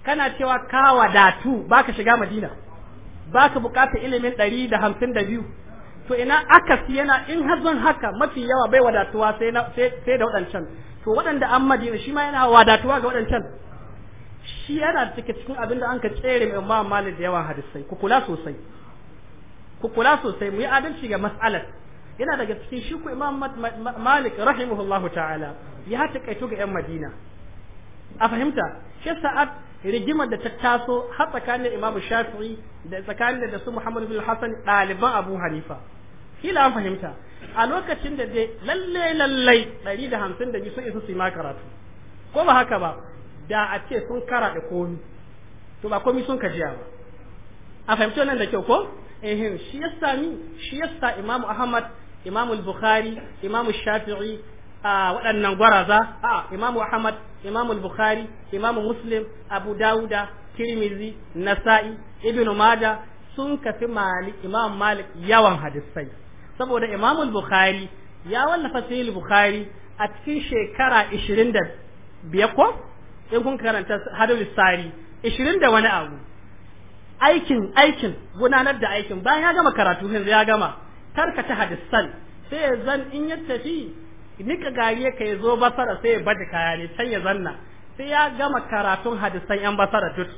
kana cewa ka wadatu ba ka shiga madina ka bukata ilimin ɗari da hamsin da biyu to ina akasi yana in hazon haka mafi yawa bai wadatuwa sai da waɗancan to waɗanda an madina shi ma yana wadatuwa ga waɗancan shi yana cikin cikin abin da an ka tsere mai ma malik da yawan hadisai ku kula sosai ku sosai mu yi adalci ga mas'alar yana daga cikin shi ku imam malik rahimahullahu ta'ala ya taƙaito ga yan madina a fahimta shi sa'ad rigimar da ta taso har tsakanin imamu shafi'i da tsakanin da su Muhammadu bin hassan ɗaliban abu hanifa kila an fahimta a lokacin da dai lalle lalle ɗari da hamsin da biyu sun isa su yi ma karatu ko ba haka ba da a ce sun kara da komi to ba komi sun kajiya ba a fahimci wannan da kyau ko ehin shi ya sami shi ya imamu ahmad imamu bukhari imamu shafi'i A waɗannan gwaraza a imamu ahmad imamu bukhari imamu muslim abu dawuda tirmizi nasa'i ibn Mada sun kafi malik imam malik yawan hadisai saboda imamu bukhari ya wallafa sahih bukhari a cikin shekara 20 da biyar ko in kun karanta hadis sari 20 da wani abu aikin aikin gudanar da aikin bayan ya gama karatu yanzu ya gama tarkata hadisan sai zan in ya tafi nika gariye ka ya zo basara sai ya bada kaya ne sai ya zanna sai ya gama karatun hadisan yan basara duk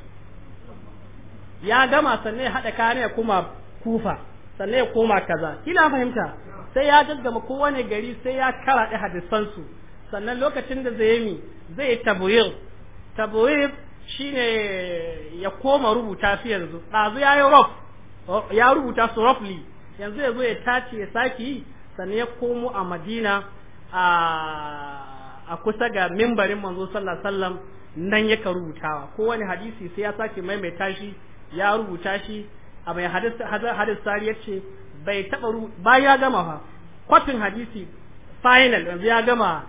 ya gama sannan ya haɗa kaya ne ya koma kufa sannan ya koma kaza kina fahimta sai ya daddama kowane gari sai ya karaɗe hadisansu sannan lokacin da zai yi zai yi tabuyir shine ya koma rubuta su yanzu ɗazu ya yi ya rubuta su roughly yanzu ya zo ya tace ya sake yi sannan ya komo a madina a kusa ga mimbarin manzo sallallahu alaihi wasallam nan yake rubutawa kowane hadisi sai ya sake maimaita shi ya rubuta shi a mai hadis hadis sari yace bai taba ba ya gama fa kwatin hadisi final yanzu ya gama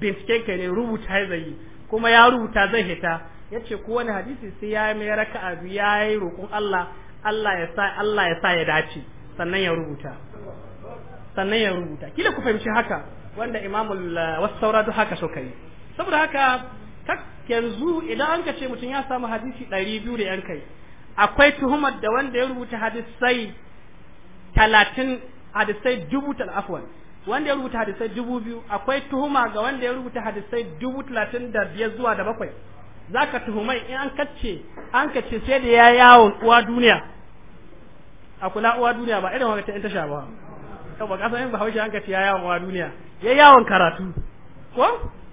binciken kai ne rubuta zai kuma ya rubuta zai hita yace wani hadisi sai ya mai raka'a ya yi roƙon Allah Allah ya sa Allah ya sa ya dace sannan ya rubuta sannan ya rubuta kila ku fahimci haka wanda imamul eh, wasu saura duk haka suka yi saboda haka yanzu idan an ka ce mutum ya samu hadisi ɗari biyu da yan kai akwai tuhumar da wanda ya rubuta hadisai talatin hadisai dubu talafuwan wanda ya rubuta hadisai dubu biyu akwai tuhuma ga wanda ya rubuta hadisai dubu talatin da biyar zuwa da bakwai za ka tuhumai in an kace an kacce sai da ya yawon uwa duniya a kula uwa duniya ba irin wata in tasha ba yau ba kasan yin ba haushe an kace ya yawon uwa duniya ya yawon karatu ko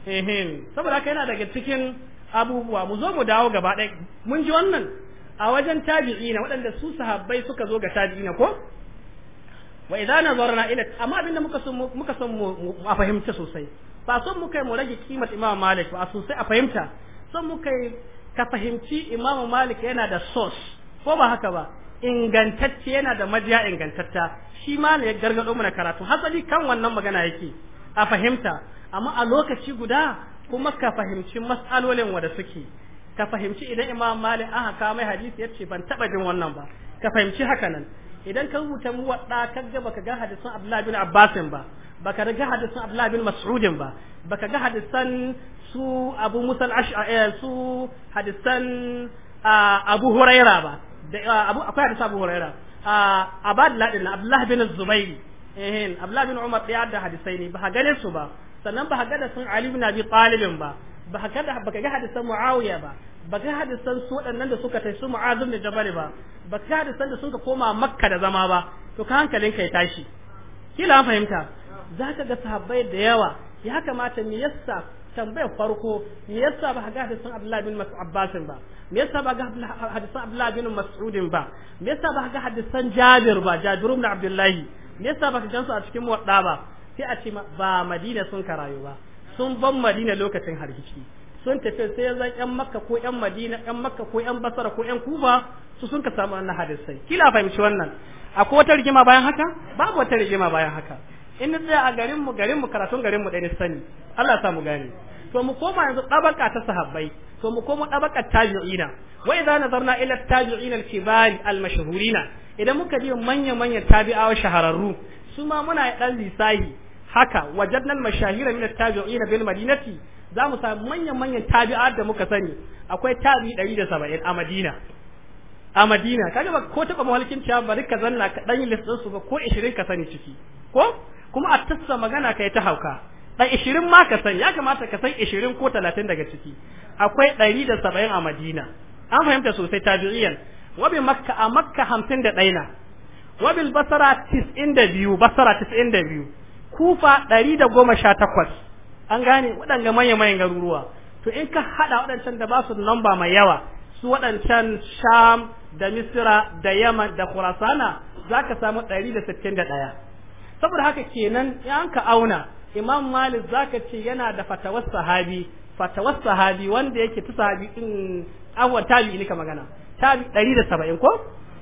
ehem saboda haka yana daga cikin abubuwa mu zo mu dawo gaba ɗaya mun ji wannan a wajen tabi'ina waɗanda su sahabbai suka zo ga tabi'ina ko wa idza nazarna ila amma abinda muka son muka son mu a fahimta sosai ba son muka mu rage kimar Imam Malik ba sosai a fahimta son muka ka fahimci Imam Malik yana da source ko ba haka ba ingantacce yana da majiya ingantatta shi ma ne ya gargado mana karatu hasali kan wannan magana yake a fahimta amma a lokaci guda kuma ka fahimci mas'alolin wanda suke ka fahimci idan imam malik aka kawo mai hadisi yace ban taba jin wannan ba ka fahimci haka nan idan ka rubuta mu wadda ka ga baka ga hadisin abdullahi bin abbas ba baka ga hadisin abdullahi bin mas'ud ba baka ga hadisan su abu musa al-ash'ari eh, su hadisan abu hurairah ba da abu akwai hadisin abu hurairah a abad ladin abdullahi bin zubairi eh Abdullah bin Umar ya da hadisai ne ba gane su ba sannan ba ga da sun Ali bin Abi Talib ba ba ka da ba ga hadisan Muawiya ba ba ga hadisan su waɗannan da suka tafi su Mu'adh bin Jabal ba ba ga hadisan da suka koma Makka da zama ba to ka hankalin kai tashi kila an fahimta zaka ga sahabbai da yawa ya kamata me yasa tambayar farko me yasa ba ga hadisan Abdullah bin Abbas ba me yasa ba ga hadisan Abdullah bin Mas'ud ba me yasa ba ga hadisan Jabir ba Jabir ibn Abdullah me yasa baka gansu a cikin muwadda ba sai a ce ba Madina sun rayu ba sun ban Madina lokacin harkici sun tafi sai zan ƴan Makka ko yan Madina ƴan Makka ko yan Basra ko ƴan Kufa su sun ka samu wannan hadisai kila fahimci wannan akwai wata rigima bayan haka babu wata rigima bayan haka in na tsaya a garin mu garin mu karatun garin mu ɗaya sani Allah ya sa mu gane to mu koma yanzu dabaka ta sahabbai to mu koma dabaka tabi'ina wa idza nazarna ila tabi'ina al-kibari al-mashhurina idan muka ji manya-manyan tabi'awa shahararru su ma muna dan lisahi haka wajadnal mashahira min at-tabi'ina bil madinati za mu samu manya-manyan tabi'a da muka sani akwai tabi 170 a Madina a Madina kaga ba ko taba mahalkin ciya bari ka zanna ka dan lissan su ba ko 20 ka sani ciki ko kuma a tassa magana kai ta hauka dan 20 ma ka sani ya kamata ka san 20 ko 30 daga ciki akwai 170 a Madina an fahimta sosai tabi'iyan Wabin makka a makka hamsin da ɗaina wabin basara tis'in da biyu basara tis'in da biyu kufa ɗari da goma sha takwas an gane waɗanga manya-manyan garuruwa to in ka haɗa waɗancan da ba su da lamba mai yawa su waɗancan sham da misira da yaman da kurasana za ka samu ɗari da sittin da ɗaya saboda haka kenan in ka auna imam malik za ka ce yana da fatawar sahabi fatawar sahabi wanda yake ta sahabi in awon tabi'i ne ka magana ɗari da saba'in ko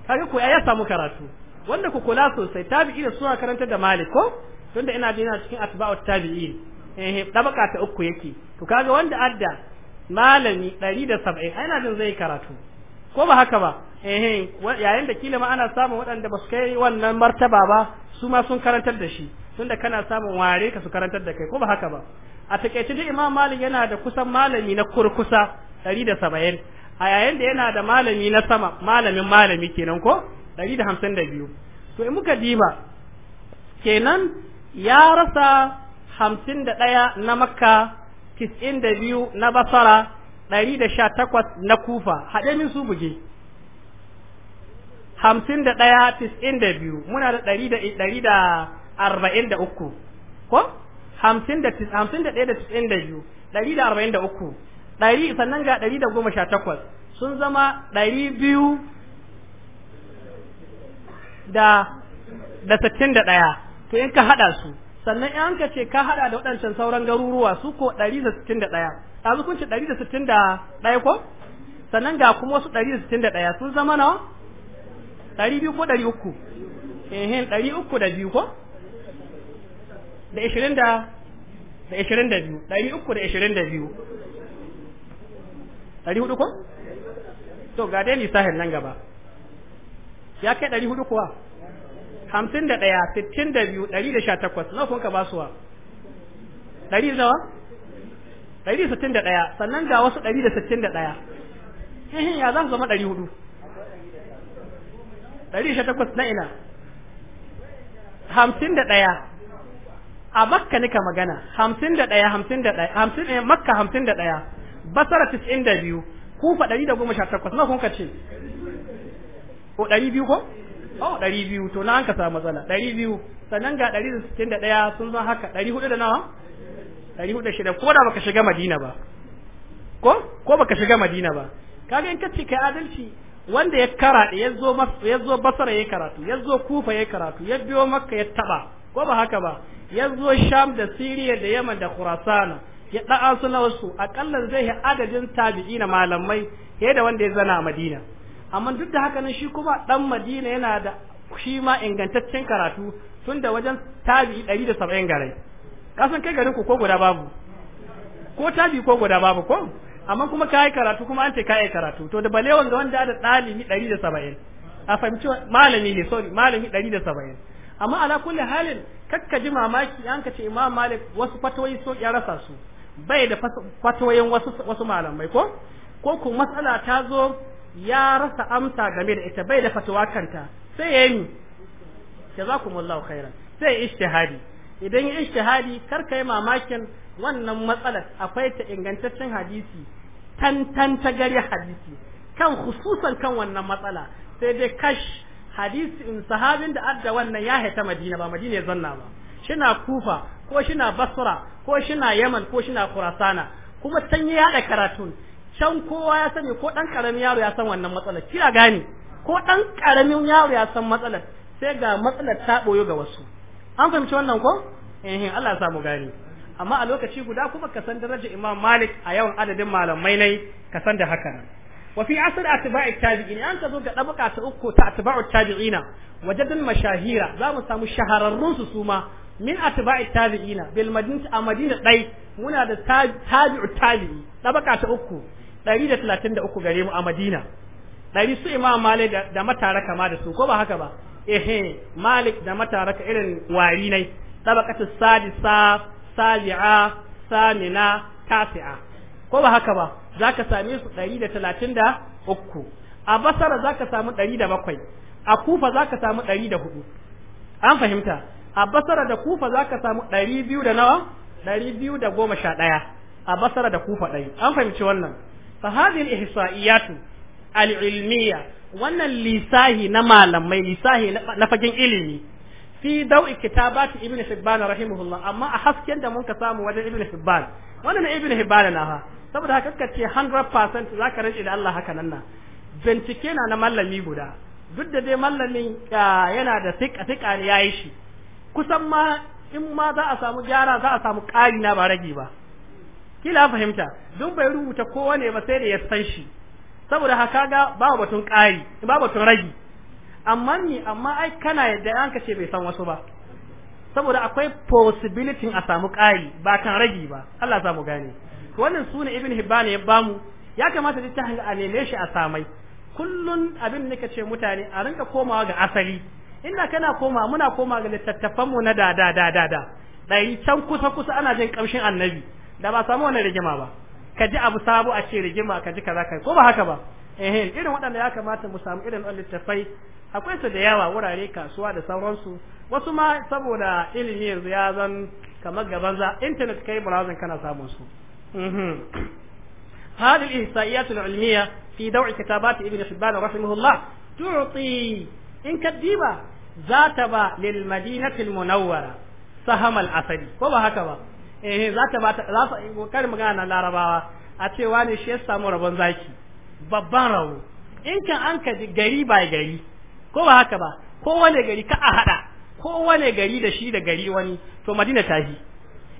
kage ko ya samu karatu wanda ku kula sosai tabi'i da suna karanta da malik ko tunda ina jina cikin atba'ut tabi'in eh dabaka ta uku yake to kage wanda adda malami 170 ai na jin zai karatu ko ba haka ba eh yayin da kila ma ana samun waɗanda ba su kai wannan martaba ba su ma sun karantar da shi tunda kana samun ware ka su karantar da kai ko ba haka ba a takeice dai imam malik yana da kusan malami na kurkusa 170 a yayin da yana da malami na sama malamin malami kenan ko dari da hamsin da biyu to in muka diba kenan ya rasa hamsin da ɗaya na makka tis'in da biyu na basara dari da sha takwas na kufa haɗe min su buge hamsin da ɗaya tis'in da biyu muna da dari da ɗari da arba'in da uku ko hamsin da tis'in da ɗaya da tis'in da biyu dari da arba'in da uku ɗari sannan ga ɗari da goma sha takwas sun zama ɗari biyu da da sittin da ɗaya to in ka haɗa su sannan in ka ce ka haɗa da waɗancan sauran garuruwa su ko ɗari da sittin da ɗaya ɗazu kun ce ɗari da sittin da ɗaya ko sannan ga kuma wasu ɗari da sittin da ɗaya sun zama nawa ɗari biyu ko ɗari uku ehin ɗari uku da biyu ko da ishirin da da ishirin da biyu ɗari uku da ishirin da biyu ɗari hudu ko to ga dai lissafin nan gaba ya kai ɗari hudu kuwa hamsin da ɗaya sittin da biyu ɗari da sha takwas nawa kun ka basuwa ɗari nawa ɗari sittin da ɗaya sannan ga wasu ɗari da sittin da ɗaya ya za su zama ɗari hudu ɗari sha takwas na ina hamsin da ɗaya a makka nika magana hamsin da ɗaya hamsin da ɗaya hamsin eh, makka hamsin da ɗaya basara tisin da biyu, kufa takwas na kun kace ko Ɗari biyu ko oh biyu, to na an ka samu matsala biyu sannan ga ɗaya sun zan haka Ɗari huɗu da nawa Ɗari da shida. ko da baka shiga Madina ba ko ko baka shiga Madina ba kaga in kace kai adalci wanda ya karaɗe ya zo ya zo basara ya karatu ya zo kufa ya karatu ya biyo makka ya taba ko ba haka ba ya zo sham da siriya da yaman da khurasana ya da'a suna wasu akalla zai yi adadin tabi'i na malamai ya da wanda ya zana a madina amma duk da haka nan shi kuma dan madina yana da shi ma ingantaccen karatu tun da wajen tabi'i 170 garai kasan kai garin ku ko guda babu ko tabi ko guda babu ko amma kuma kai karatu kuma an ce kai karatu to da bale ga wanda da dalibi 170 a fahimci malami ne sorry malami 170 amma ala kulli halin kakka ji mamaki an ka ce imam malik wasu fatawai so ya rasa su bai da fatoyin wasu wasu malamai ko ko ku matsala ta zo ya rasa amsa game da ita bai da fatawa kanta sai ya yi jazakumullahu khairan sai ishtihadi idan ya ishtihadi kar kai mamakin wannan matsalar akwai ta ingantaccen hadisi tantan ta gari hadisi kan khususan kan wannan matsala sai dai kash hadisi in sahabin da adda wannan ya haita madina ba madina ya zanna ba shi na kufa ko shi na basra ko shi na yaman ko shi na kurasana kuma can ya yaɗa karatun can kowa ya sani ko ɗan ƙaramin yaro ya san wannan matsalar kira gani ko ɗan ƙaramin yaro ya san matsalar sai ga matsalar ta ɓoyo ga wasu an fahimci wannan ko eh Allah ya samu gani amma a lokaci guda kuma ka san daraja Imam Malik a yawan adadin malamai ne ka san da haka wa fi asr atba'i tabi'in an ka zo ga dabaka ta uku ta atba'u tabi'ina wajadun mashahira za mu samu shahararrun su suma min atba'i tabi'ina bil madinati a madina dai muna da tabi'u tabi'i dabaka ta uku gare mu a madina ɗari su imam malik da matara kama da su ko ba haka ba ehe malik da matara ka irin wari ne dabakatu sadisa sali'a samina tasi'a ko ba haka ba zaka same su uku a basara zaka samu bakwai a kufa zaka samu ɗari da hudu an fahimta a basara da kufa za ka samu ɗari biyu da nawa ɗari biyu da goma sha ɗaya a basara da kufa ɗaya an fahimci wannan fahadin ihsa'iyatu al'ilmiya wannan lisahi na malamai lisahi na fagen ilimi fi dau'i kitabati ibn hibban rahimahullah amma a hasken da mun ka samu wajen ibn hibban wannan ibn hibban na ha saboda haka kace 100% zaka rage da Allah haka nan na bincike na na mallami guda duk da dai mallamin ah, yana da fika fika ne yayi shi kusan ma in ma za a samu gyara za a samu ƙari na ba rage ba kila fahimta duk bai rubuta kowa ne ba sai da ya san shi saboda haka ga ba batun ƙari ba batun ragi amma ni amma ai kana yadda an kace bai san wasu ba saboda akwai possibility a samu ƙari ba kan ragi ba Allah za mu gane wannan sune ibn hibban ya bamu ya kamata ta hanga a neme shi a samai kullun abin da nake ce mutane a rinka komawa ga asali inda kana koma muna koma ga littattafan mu na da da da da da dai can kusa kusa ana jin kamshin annabi da ba samu wannan rigima ba ka ji abu sabo a ce rigima ka ji kaza kai ko ba haka ba eh irin waɗanda ya kamata mu samu irin wannan littattafai akwai su da yawa wurare kasuwa da sauransu wasu ma saboda ilimi yanzu ya zan kamar gaban za internet kai browsing kana samun su هذه الإحصائيات العلمية في دوع كتابات ابن حبان رحمه الله تعطي in ka za ta ba lil madinatil munawwara sahamal asadi ko ba haka ba eh za ta ba za su kar magana larabawa a ce wani shi ya samu rabon zaki babban rawo in kan an ka gari ba gari ko ba haka ba ko wane gari ka a hada ko wane gari da shi da gari wani to madina tahi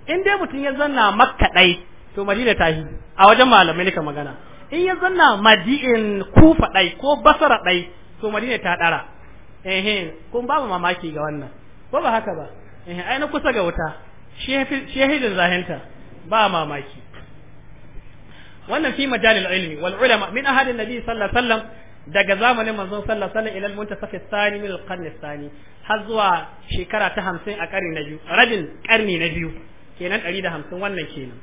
in dai mutum ya zanna makka dai to madina tahi a wajen malamai ne ka magana in ya zanna madi'in kufa dai ko basara dai to madina ta dara eh kun ba mu mamaki ga wannan ko ba haka ba eh ai na kusa ga wuta shi shehidin zahinta ba mamaki wannan fi majalil ilmi wal ulama min ahad nabi sallallahu alaihi wasallam daga zamanin manzon sallallahu alaihi wasallam ila al-muntasafi thani min al-qarn thani har zuwa shekara ta 50 a karni na biyu rabin karni na biyu kenan 150 wannan kenan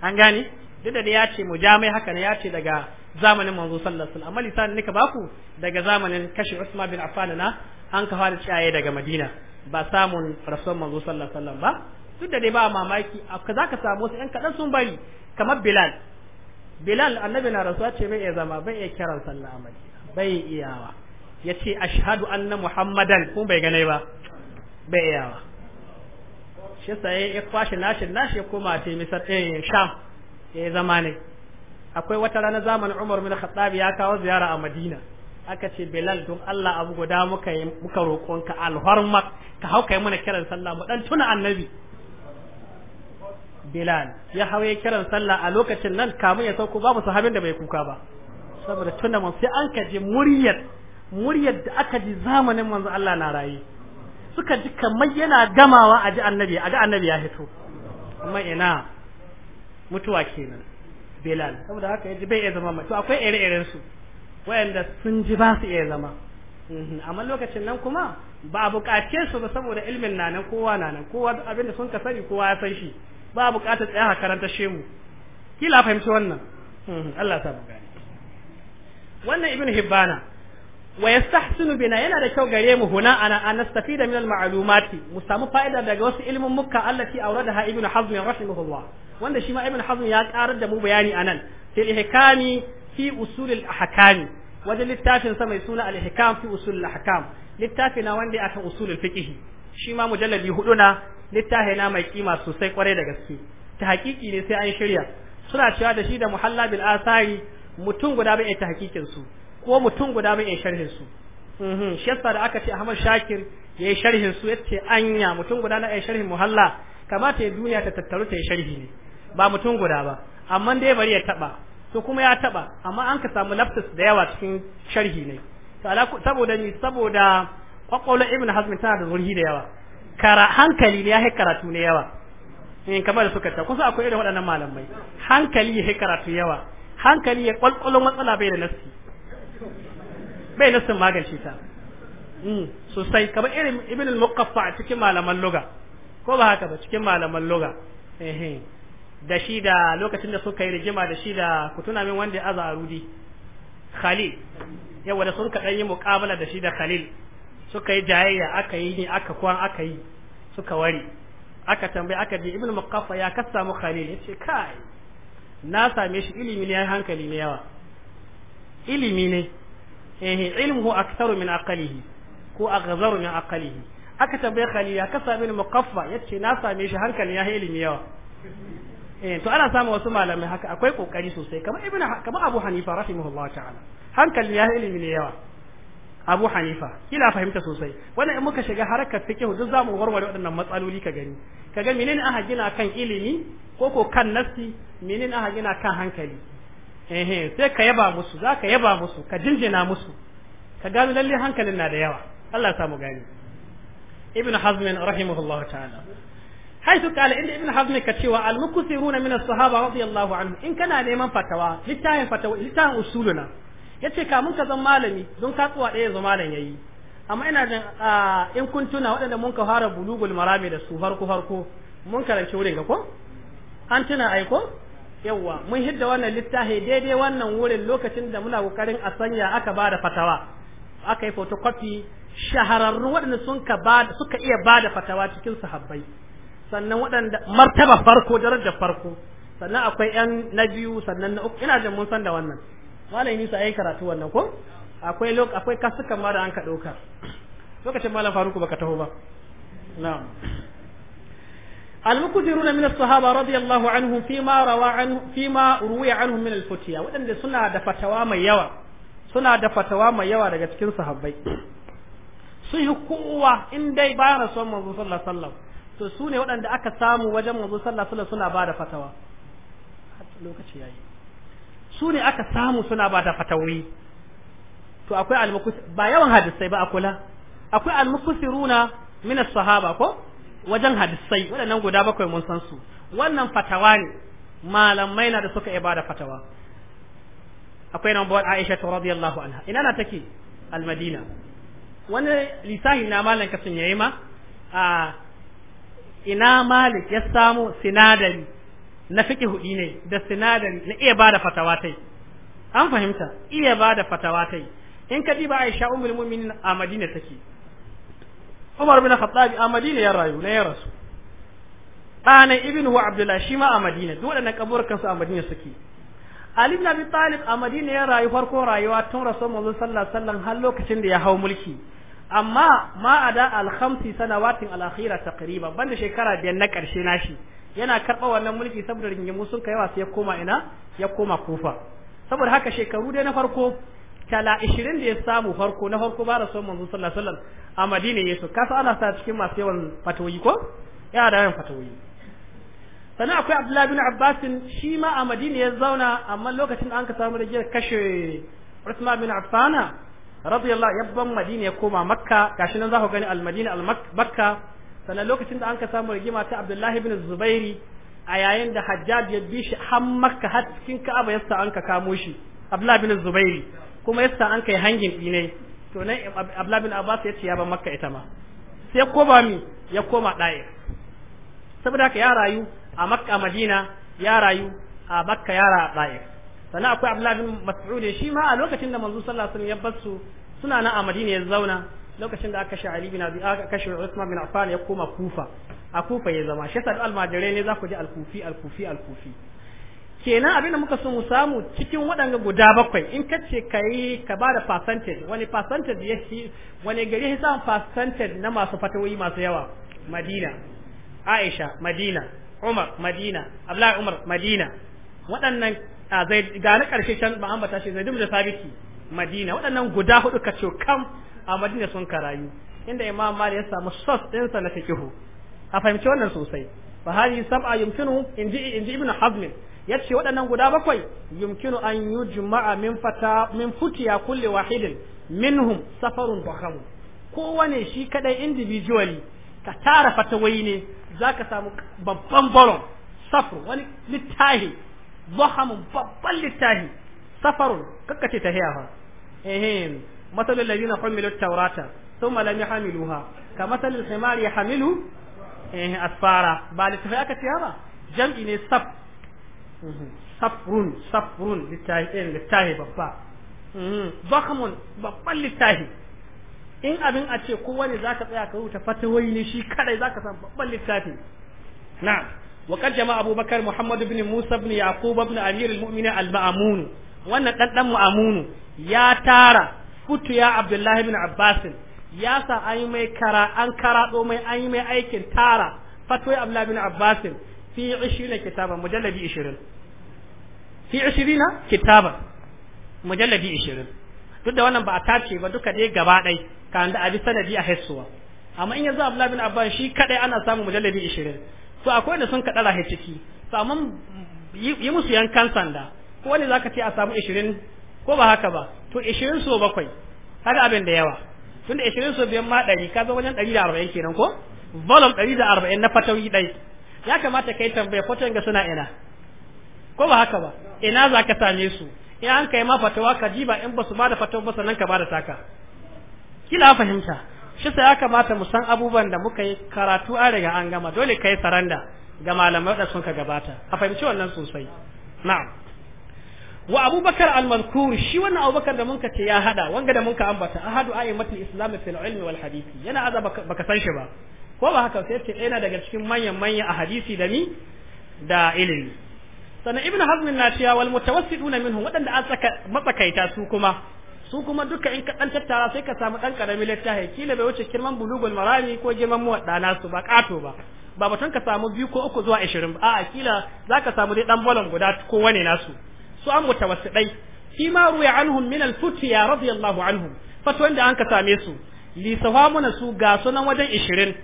an gane duk da ya ce mujamai haka ne ya ce daga zamanin manzo sallallahu alaihi wasallam amma lisanin ba baku daga zamanin kashi Usman bin Affan na an ka fara tsaye daga Madina ba samun rasul manzo sallallahu alaihi wasallam ba duk da dai ba mamaki ka zaka samu su ɗan kaɗan sun bari kamar Bilal Bilal annabi na rasuwa ce bai zama bai iya kiran sallah a Madina bai iyawa yace ashhadu anna Muhammadan kun bai gane ba bai iyawa shi sai ya kwashi nashi nashi ya koma ta misar eh Sham ya zama ne akwai wata rana zamanin Umar bin Khattab ya kawo ziyara a Madina aka ce Bilal don Allah abu guda muka yi muka roƙonka alhormat ka hauka yi mana kiran sallah mu dan tuna annabi Bilal ya hawaye kiran sallah a lokacin nan kamun ya sauko babu sahabin da bai kuka ba saboda tuna mun sai an kaje muryar muryar da aka ji zamanin manzo Allah na raye suka ji kamar yana gamawa a ji annabi a ga annabi ya hito amma ina mutuwa kenan belal saboda haka yaji bai iya zama mai to akwai ire-iren su wayanda sun ji ba su iya zama mhm. amma lokacin nan kuma ba a buƙace su ba saboda ilmin na nan kowa na nan kowa abinda sun ka sani kowa ya san shi ba a buƙatar tsaya karanta shemu kila fahimci wannan mhm. Allah sa gane wannan ibn hibbana wa yastahsinu bina yana da kyau gare mu huna ana an nastafida min al-ma'lumati mu samu fa'ida daga wasu ilmin mukka allati awradaha ibn hazm rahimahullah wanda shi ma ibn hazm ya karar da mu bayani anan fil ihkami fi usul al ahkam wajen littafin sa mai suna al ihkam fi usul al ahkam littafi na wanda akan usul al fiqh shi ma mujalladi hudu na littafi na mai kima sosai kwarai da gaske ta hakiki ne sai an shirya suna cewa da shi da muhalla bil asari mutum guda bai ta hakikin su ko mutum guda bai sharhin su mhm shi yasa da aka ce Ahmad Shakir yayi sharhin su yace anya mutum guda na sharhin muhalla kamata ya duniya ta tattaru ta yi sharhi ne ba mutum guda ba amma dai bari ya taba to kuma ya taba amma an ka samu lapsus da yawa cikin sharhi ne to ala saboda ni saboda kwakwalwar ibn hazm tana da zurhi da yawa kara hankali ne ya yi karatu ne yawa in eh, kamar da suka ta kusa akwai irin waɗannan malamai hankali ya yi karatu yawa hankali ya kwalkwalon matsala bai da nassi bai nassin magance ta hmm, sosai kamar irin ibn al-muqaffa cikin malaman luga ko ba haka ba cikin malaman luga da shi da lokacin da suka yi rijima da shi da ku tuna min wanda ya aza arudi khalil yawa da suka kaɗan yi muƙabala da shi da khalil suka yi jayayya aka yi aka kwan aka yi suka wari aka tambaye aka je ibn muqaffa ya kasa mu khalil yace kai na same shi ilimi ne hankali ne yawa ilimi ne eh ilmuhu aktharu min aqlihi ko aghzaru min aqlihi aka tambaye khalil ya kasa min muqaffa yace na same shi hankali ya ilimi yawa eh to ana samun wasu malamai haka akwai kokari sosai kamar ibn kamar Abu Hanifa rahimahullahu ta'ala hankali ya ilimi ne yawa Abu Hanifa kila fahimta sosai wannan in muka shiga harakar fiqh duk zamu warware waɗannan matsaloli ka gani ka ga menene aka gina kan ilimi ko ko kan nafsi menene aka gina kan hankali eh sai ka yaba musu zaka yaba musu ka jinjina musu ka gano lalle hankalin na da yawa Allah ya samu gani ibn hazm rahimahullahu ta'ala haisu kala inda ibn hazm ka cewa al mukthiruna min as-sahaba radiyallahu anhu in kana neman fatawa littafin fatawa littafin usuluna yace ka mun ka zan malami don ka tsuwa daya zo malam yayi amma ina jin in kun tuna waɗanda mun ka fara bulugul marami da su farko farko mun karanci wurin ga ko an tuna ai ko yawa mun hidda wannan littafi daidai wannan wurin lokacin da muna kokarin a sanya aka ba da fatawa aka yi photocopy shahararru waɗanda suka iya ba da fatawa cikin sahabbai sannan waɗanda martaba farko da farko sannan akwai ɗan na biyu sannan na uku ina jin mun san da wannan malam Yunusa yi karatu wannan ko akwai lok akwai kasukan ma da an ka dauka lokacin malam Faruku baka taho ba na'am المقدرون من الصحابة رضي الله عنهم فيما روى عنه فيما روي عنهم من الفتيا ودن سنة دفتوا ما يوا سنة دفتوا mai yawa daga cikin sahabbai sun yi kowa in dai bayan rasuwan manzo sallallahu alaihi wasallam to su ne waɗanda aka samu wajen manzo sallallahu alaihi suna ba da fatawa lokaci yayi su ne aka samu suna ba da fatawi to akwai almukus ba yawan hadisai ba a kula akwai almukusiruna min sahaba ko wajen hadisai waɗannan guda bakwai mun san su wannan fatawa ne malamai na da suka iya bada fatawa akwai nan bawar Aisha ta radiyallahu anha ina na take almadina wani lisahi na malan kasun yayi ma a ina malik ya samu sinadari na fiqh hudi ne da sinadari na iya bada fatawa tai an fahimta iya bada fatawa tai in ka diba Aisha ummul mu'minin a Madina take Umar bin Khattab a Madina ya rayu na ya rasu ɗanan ibn wa Abdullahi shi ma a Madina duk waɗannan kaburkan su a Madina suke Ali ibn Abi Talib a Madina ya rayu farko rayuwa tun Rasulullah sallallahu alaihi wasallam har lokacin da ya hau mulki amma ma ada alhamsi sanawatin alakhira taqriban banda shekara biyar na karshe nashi yana karba wannan mulki saboda rigimu sun kai wasu ya koma ina ya koma kufa saboda haka shekaru dai na farko tala ishirin da ya samu farko na farko ba rasul manzo sallallahu alaihi wasallam a madina yesu kasa ana sa cikin masu yawan fatawi ko Ya da yawan fatawi sannan akwai abdullahi bin abbas shi ma a madina ya zauna amma lokacin da an ka samu da kashe usman bin affana radiyallahu ban madina ya koma makka gashi nan za ku gani al-madina al-makka sannan lokacin da an ka samu rigima ta abdullahi ibn zubairi a yayin da hajjaj ya bi shi har makka har cikin ka'aba yasa an ka kamo shi abdullahi ibn zubairi kuma yasa an kai hangin dine to nan abdullahi ibn abbas ya ce ya ban makka ita ma sai ko koma mi ya koma daya. saboda haka ya rayu a makka madina ya rayu a makka yara rayu sannan akwai Abdullahi bin Mas'ud shi ma a lokacin da manzo sallallahu alaihi wasallam ya basu suna nan a Madina ya zauna lokacin da aka kashe Ali bin Abi aka kashe usman bin Affan ya koma Kufa a Kufa ya zama shi sadu almajirai ne za ku ji alkufi alkufi alkufi kenan abin da muka so mu samu cikin waɗanga guda bakwai in ka ce ka yi ka ba da percentage wani percentage ya shi wani gari ya samu percentage na masu fatawoyi masu yawa Madina Aisha Madina Umar Madina Abdullahi Umar Madina waɗannan a ah, zai ga na karshe can ba an bata shi zai da sabiti madina waɗannan guda hudu ka ce kam a madina sun karayu inda imam mali ya samu sos ɗinsa na fikihu a fahimci wannan sosai fa hadi sab'a yumkinu inji inji ibnu hazm yace waɗannan guda bakwai yumkinu an yujma'a min fata min futiya kulli wahidin minhum safarun bakam kowane shi kaɗai individually ka tara fatawai ne ka samu babban boron safar wani littahi zahamun babban littafi safarun ككت ta hiyafa مثل الذين حملوا التوراة ثم لم يحملوها كمثل الحمار ba جمع aka eh, in abin a ce za ka tsaya ka rubuta fatawai ne shi kadai zaka san babban littafi na'am وقد جمع أبو بكر محمد بن موسى بن يعقوب بن أمير المؤمنين المأمون وأن تدم مأمون يا تارا فت يا عبد الله بن عباس يا سا أي مي كرا أن كرا أو مي أي مي أيكن تارا فتوى عبد الله بن عباس في عشرين كتابا مجلد عشرين في عشرين كتابا مجلد عشرين duk da wannan ba a tace ba duka dai gaba ɗai kan da abi sanadi a hessuwa amma in yanzu Abdullah bin Abban shi kadai ana samu mujalladi 20 to akwai da sun ka dara ciki to amma yi musu yankan sanda ko wani zaka ce a samu 20 ko ba haka ba to 20 so bakwai har abin da yawa tunda 20 so biyan ma 100 ka zo wajen 140 kenan ko volume 140 na fatawi dai ya kamata kai tambaya fatan ga suna ina ko ba haka ba ina za ka same su in an kai ma fatawa ka jiba in ba su ba da fatawa ba sannan ka ba da taka kila fahimta shi sai ya kamata mu san abubuwan da muka yi karatu a riga an gama dole kai saranda ga malamai da sun ka gabata a fahimci wannan sosai na'am wa abubakar al-mazkur shi wannan abubakar da mun ka ce ya hada wanga da mun ka ambata ahadu a'immatul islam fil ilmi wal hadisi yana azaba baka san shi ba ko ba haka sai ce yana daga cikin manyan manya a hadisi da ni da ilimi sannan Ibn hazm na cewa wal mutawassiduna minhum wadanda an tsaka matsakaita su kuma su kuma duka in ka dan tattara sai ka samu dan karami littafi kila bai wuce kirman bulugul marami ko girman muwaddana su ba kato ba ba batun ka samu biyu ko uku zuwa 20 ba a'a kila zaka samu dai dan bolon guda ko wane nasu su an dai fi ma ruya anhum min al-futya radiyallahu anhum fatuwan da an ka same su li sawamuna su ga sunan wajen 20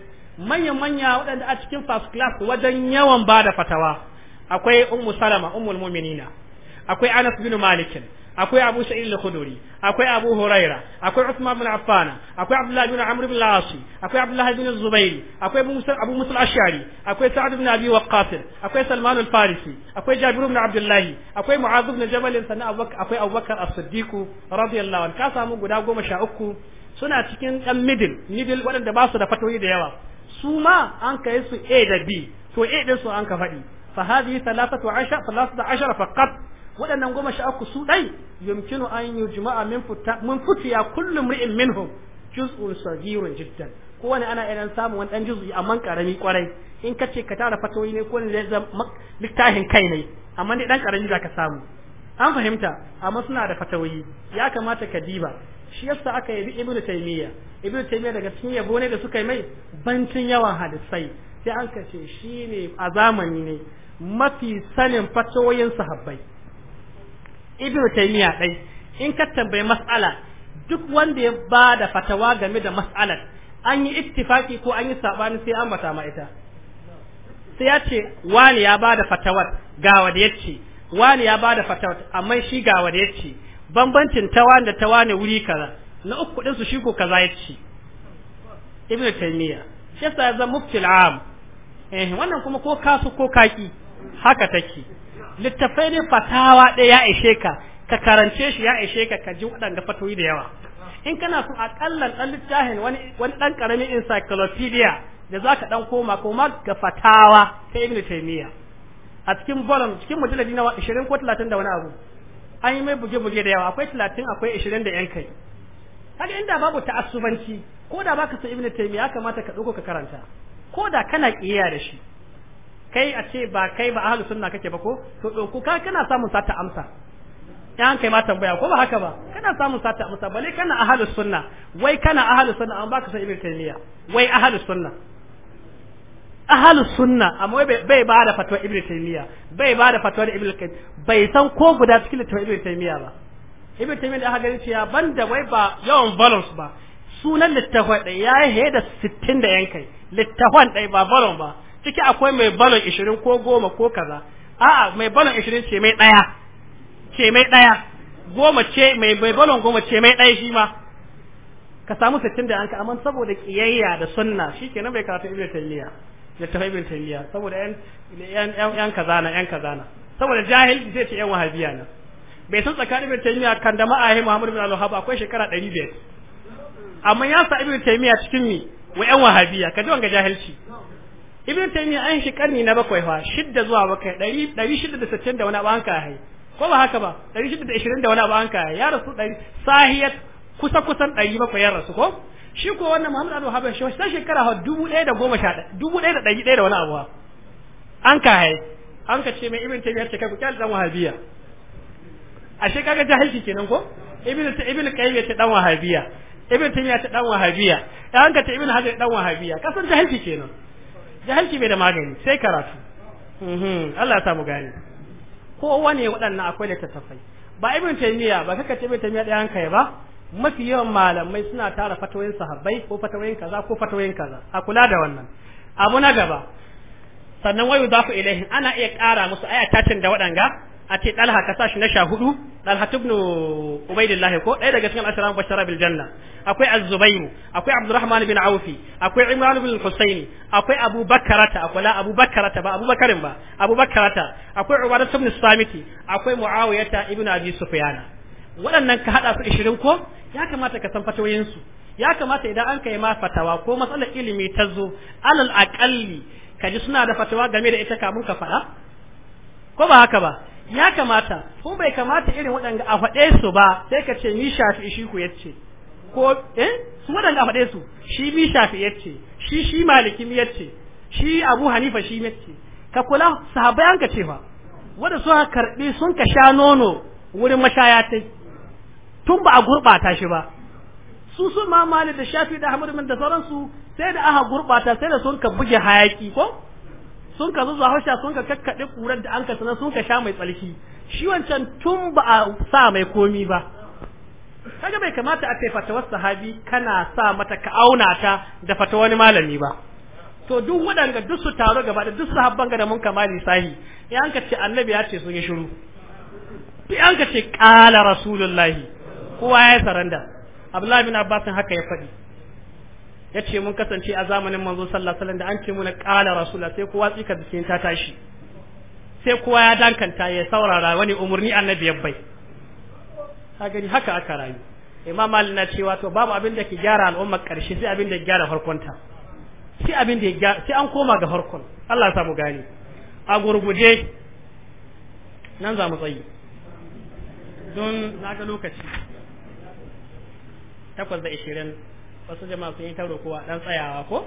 manyan manya waɗanda a cikin first class wajen yawan bada fatawa akwai ummu salama ummul mu'minina akwai anas bin malikin akwai Abu Sa'id al-Khudri akwai Abu Huraira akwai usman ibn Affan akwai Abdullah ibn Amr ibn al-As akwai Abdullah ibn Zubair akwai Musa Abu Musa al-Ash'ari akwai Sa'd ibn Abi Waqqas akwai Salman al-Farisi akwai Jabir ibn Abdullah akwai Mu'adh ibn Jabal sannan akwai Abubakar Bakar as-Siddiq radiyallahu anhu ka samu guda goma sha uku suna cikin dan middle middle waɗanda ba su da fatoyi da yawa su ma an kai su A da B to A din su an ka faɗi fa hadhihi 13 13 faqat waɗannan goma sha uku su ɗai yumkinu an yi juma'a min ya kullum ri'in minhum juz'un sagirun jiddan kowane ana idan samun wani ɗan juz'i amma ƙarami ƙwarai in ka ce ka tara fatoyi ne ko ne zama littafin kai ne amma dai ɗan ƙarami za ka samu an fahimta amma suna da fatoyi. ya kamata ka diba shi yasa aka yi ibnu taymiya ibnu taymiya daga cikin yabo ne da suka yi mai bancin yawan hadisai sai an ce shi ne a zamani ne mafi sanin fatoyin sahabbai ibnu taymiya dai in ka tambayi mas'ala duk wanda ya bada fatawa game da mas'alar an yi ittifaki ko an yi sabani sai an mata ma ita sai ya ce wani ya bada fatawar ga wanda yace wani ya bada fatawar amma shi ga wanda yace bambancin tawa da tawa ne wuri kaza na uku din su shi ko kaza yace ibnu taymiya shi yasa ya zama muftil am eh wannan kuma ko kasu ko kaki haka take littafai ne fatawa ɗaya ya ishe ka ka karance shi ya ishe ka ka ji waɗanda fatoyi da yawa in kana so a aƙalla ɗan littafin wani wani ɗan ƙaramin encyclopedia da za ka ɗan koma koma ga fatawa ta ibn taymiya a cikin bolon cikin mujalladi na ishirin ko talatin da wani abu an yi mai buge-buge da yawa akwai talatin akwai ishirin da yan kai kaga inda babu ta'assubanci ko da baka san ibn taymiya kamata ka ɗauko ka karanta ko da kana ƙiyaya da shi kai a ce ba kai ba ahlus sunna kake ba ko to dauko ka kana samun sata amsa yan kai ma tambaya ko ba haka ba kana samun sata amsa bale kana ahlus sunna wai kana ahlus sunna an baka san ibnu taymiya wai ahlus sunna ahlus sunna amma wai bai ba da fatwa ibnu taymiya bai ba da fatwa ibnu qayyim bai san ko guda cikin fatwa ibnu taymiya ba ibnu taymiya da aka cewa banda wai ba yawan balance ba sunan littafin ɗaya ya yi da sittin da yankai littafin ɗaya ba balon ba ciki akwai mai balon ishirin ko goma ko kaza a'a mai balon ishirin ce mai ɗaya ce mai ɗaya goma ce mai mai balon goma ce mai ɗaya shi ma ka samu sittin da anka amma saboda kiyayya da sunna shi ke nan bai karatu ibnu taymiya ya tafi ibnu taymiya saboda yan yan yan kazana yan kazana saboda jahil zai ce yan wahabiya na bai san tsakanin ibnu taymiya kan da ma'ahi muhammad bin al-wahhab akwai shekara 500 amma ya sa ibnu taymiya cikin mi wa yan wahabiya ka ji wanga jahilci ibn taymiya an shi karni na bakwai fa shidda zuwa bakwai dari dari shidda da sittin da wani abu an ka hai ko ba haka ba dari shidda da ishirin da wani abu an ka hai ya rasu dari sahiyat kusa kusan dari bakwai ya rasu ko shi ko wannan muhammad abu habib shi ta shekara hau dubu ɗaya da goma sha dubu ɗaya da ɗari ɗaya da wani abu an ka hai an ka ce mai ibn taymiya ce kai ku kyale dan wahabiya ashe kaga jahilci kenan ko ibn ibn qayyim ya ce dan wahabiya ibn taymiya ce dan wahabiya ya ka ce ibn hajar dan wahabiya kasan jahilci kenan jahilci bai da magani sai karatu mhm, Allah ya samu gani kowane waɗannan akwai littattafai ba ibn taymiya ba kaka ce ibn taymiya da kai ba mafi yawan malamai suna tara fatawayin sahabbai ko fatawayin kaza ko fatawayin kaza a kula da wannan abu na gaba sannan wayu zaku ilaihin ana iya kara musu aya tatin da waɗanga a ce dalha ka sashi na sha hudu ɗalha ibn ubaidillah ko ɗaya daga cikin asharan bashara bil janna akwai az-zubairu akwai abdurrahman bin awfi akwai imran bin husayn akwai abubakarata akwai abubakarata ba abubakarin ba abubakarata akwai ubadah ibn samiti akwai muawiyata ibn abi sufyana waɗannan ka hada su 20 ko ya kamata ka san fatoyin su ya kamata idan an kai ma fatawa ko matsalar ilimi ta zo alal aqalli kaji suna da fatawa game da ita kamun ka faɗa ko ba haka ba ya kamata ko bai kamata irin waɗanda a faɗe su ba sai ka ce mi shafi shi ku yace ko eh su waɗanda a faɗe su shi mi shafi yace shi shi maliki mi yace shi abu hanifa shi yace ka kula sahabbai an ka ce fa wanda su ha karbi sun ka sha nono wurin mashaya ta tun ba a gurɓata shi ba su su ma da shafi da hamadu bin da sauransu sai da aka gurɓata sai da sun ka buge hayaki ko sun ka zuwa hausha sun ka kakkaɗe ƙurar da an ka sanar sun ka sha mai tsarki shi wancan tun ba a sa mai komi ba kaga bai kamata a kai fatawar sahabi kana sa mata ka auna ta da fata wani malami ba to duk waɗanda duk su taro gaba da duk sahabban ga da mun kamali sahi in an ka ce annabi ya ce sun yi shiru in an ka ce ƙala rasulullahi kowa ya yi saranda abdullahi bin abbasin haka ya faɗi yace mun kasance a zamanin manzo sallallahu alaihi wasallam da an ce mun kala rasula sai kowa tsika da ta tashi sai kowa ya dankanta ya saurara wani umurni annabi ya bai ka gani haka aka rayu imam malik na cewa to babu abin da ke gyara al'umma karshe sai abin da ke gyara ta sai abin da ya sai an koma ga farkon Allah ya samu gani a gurguje nan za mu tsayi don na ga lokaci takwas da ishirin wasu jama'a sun yi ta roƙowa dan tsayawa ko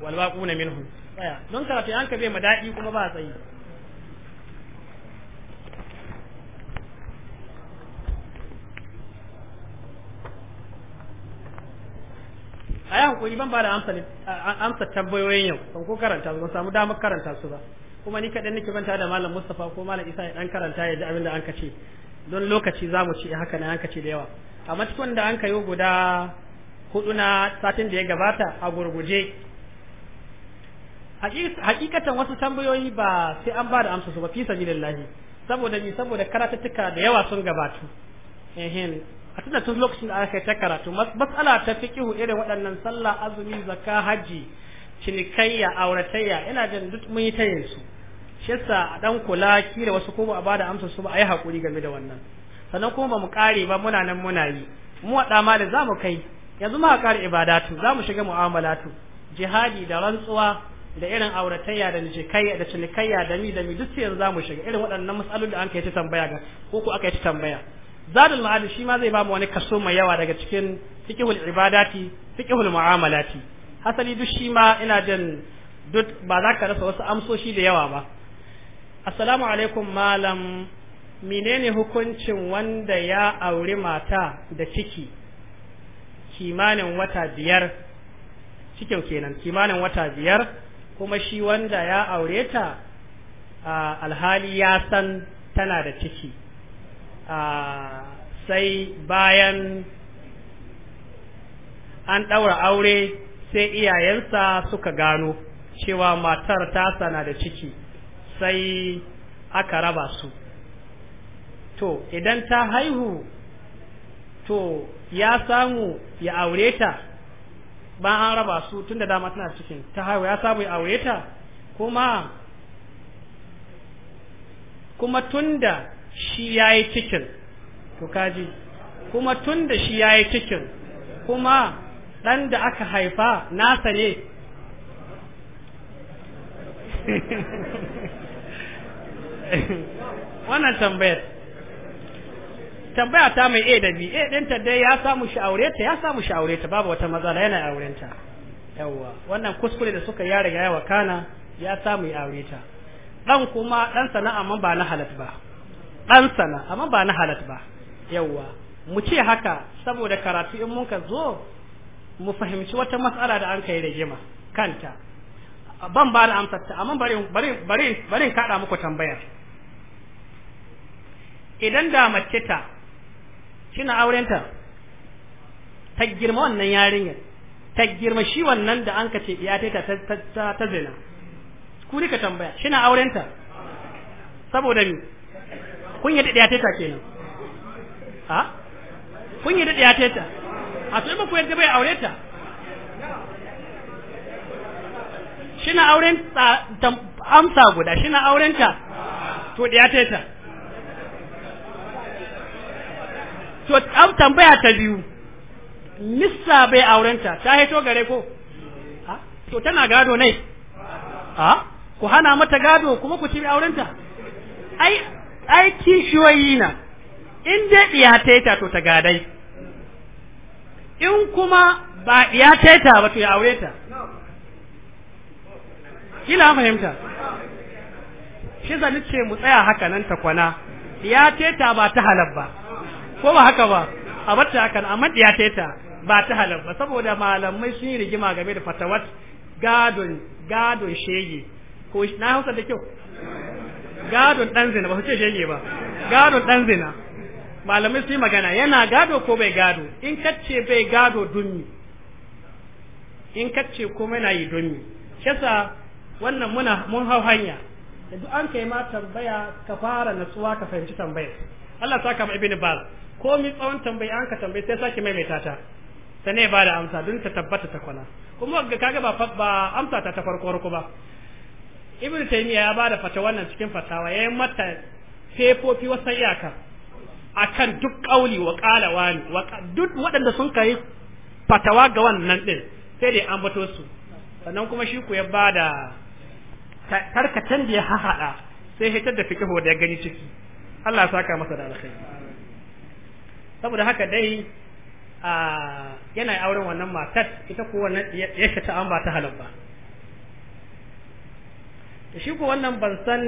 wal baquna minhum tsaya don karatu an ka bai madadi kuma ba tsayi a yi ban ba da amsa tambayoyin yau ban ko karanta su ban samu damar karanta su ba kuma ni kaɗan nake banta da malam mustapha ko malam isa ya ɗan karanta ya ji abin da an ka ce don lokaci za mu ci haka na an ka ce da yawa amma cikin da an ka yi guda hudu na satin da ya gabata a gurguje hakikatan wasu tambayoyi ba sai an ba da amsa su ba fi sabilillahi saboda ni saboda karatattuka da yawa sun gabatu ehin a tunda tun lokacin da aka ta karatu matsala ta kihu irin waɗannan sallah azumi zakka haji cinikayya auratayya ina jin duk mun yi ta yin su shi yasa a dan kula kira wasu ko a bada amsa su ba ayi hakuri game da wannan sannan kuma ba mu kare ba muna nan muna yi mu wada ma da zamu kai yanzu ma ƙara ibadatu za mu shiga mu'amalatu jihadi da rantsuwa da irin auratayya da da cinikayya da mi da mi duk yanzu za mu shiga irin waɗannan matsalolin da an kai ta tambaya ga ko ku aka yi ta tambaya zadul ma'ad shi ma zai ba mu wani kaso mai yawa daga cikin fiqhul ibadati fiqhul mu'amalati hasali duk shi ma ina jin duk ba za ka rasa wasu amsoshi da yawa ba assalamu alaikum malam menene hukuncin wanda ya auri mata da ciki kimanin wata biyar cikin kenan kimanin wata biyar kuma shi wanda ya aure ta alhali ya san tana da ciki sai bayan an ɗaura aure sai iyayensa suka gano cewa matar tasa na da ciki sai aka raba su to idan ta haihu to ya samu ya aure ta ba an raba su tun da dama tana cikin ta haihu ya samu ya aure ta kuma kuma tun da shi ya yi cikin to kaji kuma tun da shi ya yi cikin kuma ɗan da aka haifa nasa ne wannan tambayar tambaya ta mai A da B A ɗinta dai ya samu shi aure ta ya samu shi aure ta babu wata matsala yana auren ta yawwa wannan kuskure da suka ya riga ya kana ya samu ya aure ta dan kuma dan sana amma ba na halat ba dan sana amma ba na halat ba yawwa mu ce haka saboda karatu in mun ka zo mu fahimci wata mas'ala da an kai rigima kanta ban ba da amsar ta amma bari bari bari bari kada muku tambayar idan da mace ta shi auren aurenta ta girma wannan yarinyar ta girma shi wannan da an kace iya ta ta ta zina ku rika tambaya shi auren aurenta saboda ni kun yi dadiya ta kenan ha kun yi dadiya ta a to ba ku yadda bai aure ta shi auren ta amsa guda shi auren aurenta to da ta to an tambaya ta biyu lissa bai aurenta ta haito gare ko to tana gado ne ha ku hana mata gado kuma ku ci aurenta ai ai kishiyoyi na in dai diya ta to ta gadai in kuma ba diya ta ba to ya aure ta kila fahimta shi zan ce mu tsaya haka nan ta kwana diya ta ba ta halabba ko ba haka ba a bata hakan amma diya ta ba ta halar ba saboda malamai sun yi rigima game da fatawat gadon gadon shege ko na hausa da kyau gadon dan zina ba su ce shege ba gadon dan zina malamai sun yi magana yana gado ko bai gado in kacce bai gado dummi in kacce kuma yana yi dummi shasa wannan muna mun hau hanya da duk an kai ma tambaya ka fara natsuwa ka fahimci tambayar Allah saka ma ibn Baz ko mi tsawon tambayi an ka tambayi sai sake maimaita ta ta ne ba da amsa don ta tabbata ta kwana kuma ga kaga ba ba amsa ta ta farko farko ba ibnu taymiya ya ba da fata wannan cikin fatawa yayi mata fefofi wasan iyaka akan duk kauli wa qala wani duk waɗanda sun kai fatawa ga wannan din sai dai an bato su sannan kuma shi ku ya bada da karkatan da ya haɗa sai hitar da fikihu da ya gani ciki Allah ya saka masa da alkhairi saboda haka dai a yana auren wannan matar ita ko wannan ya ta an ba ta halal ba shi ko wannan ban san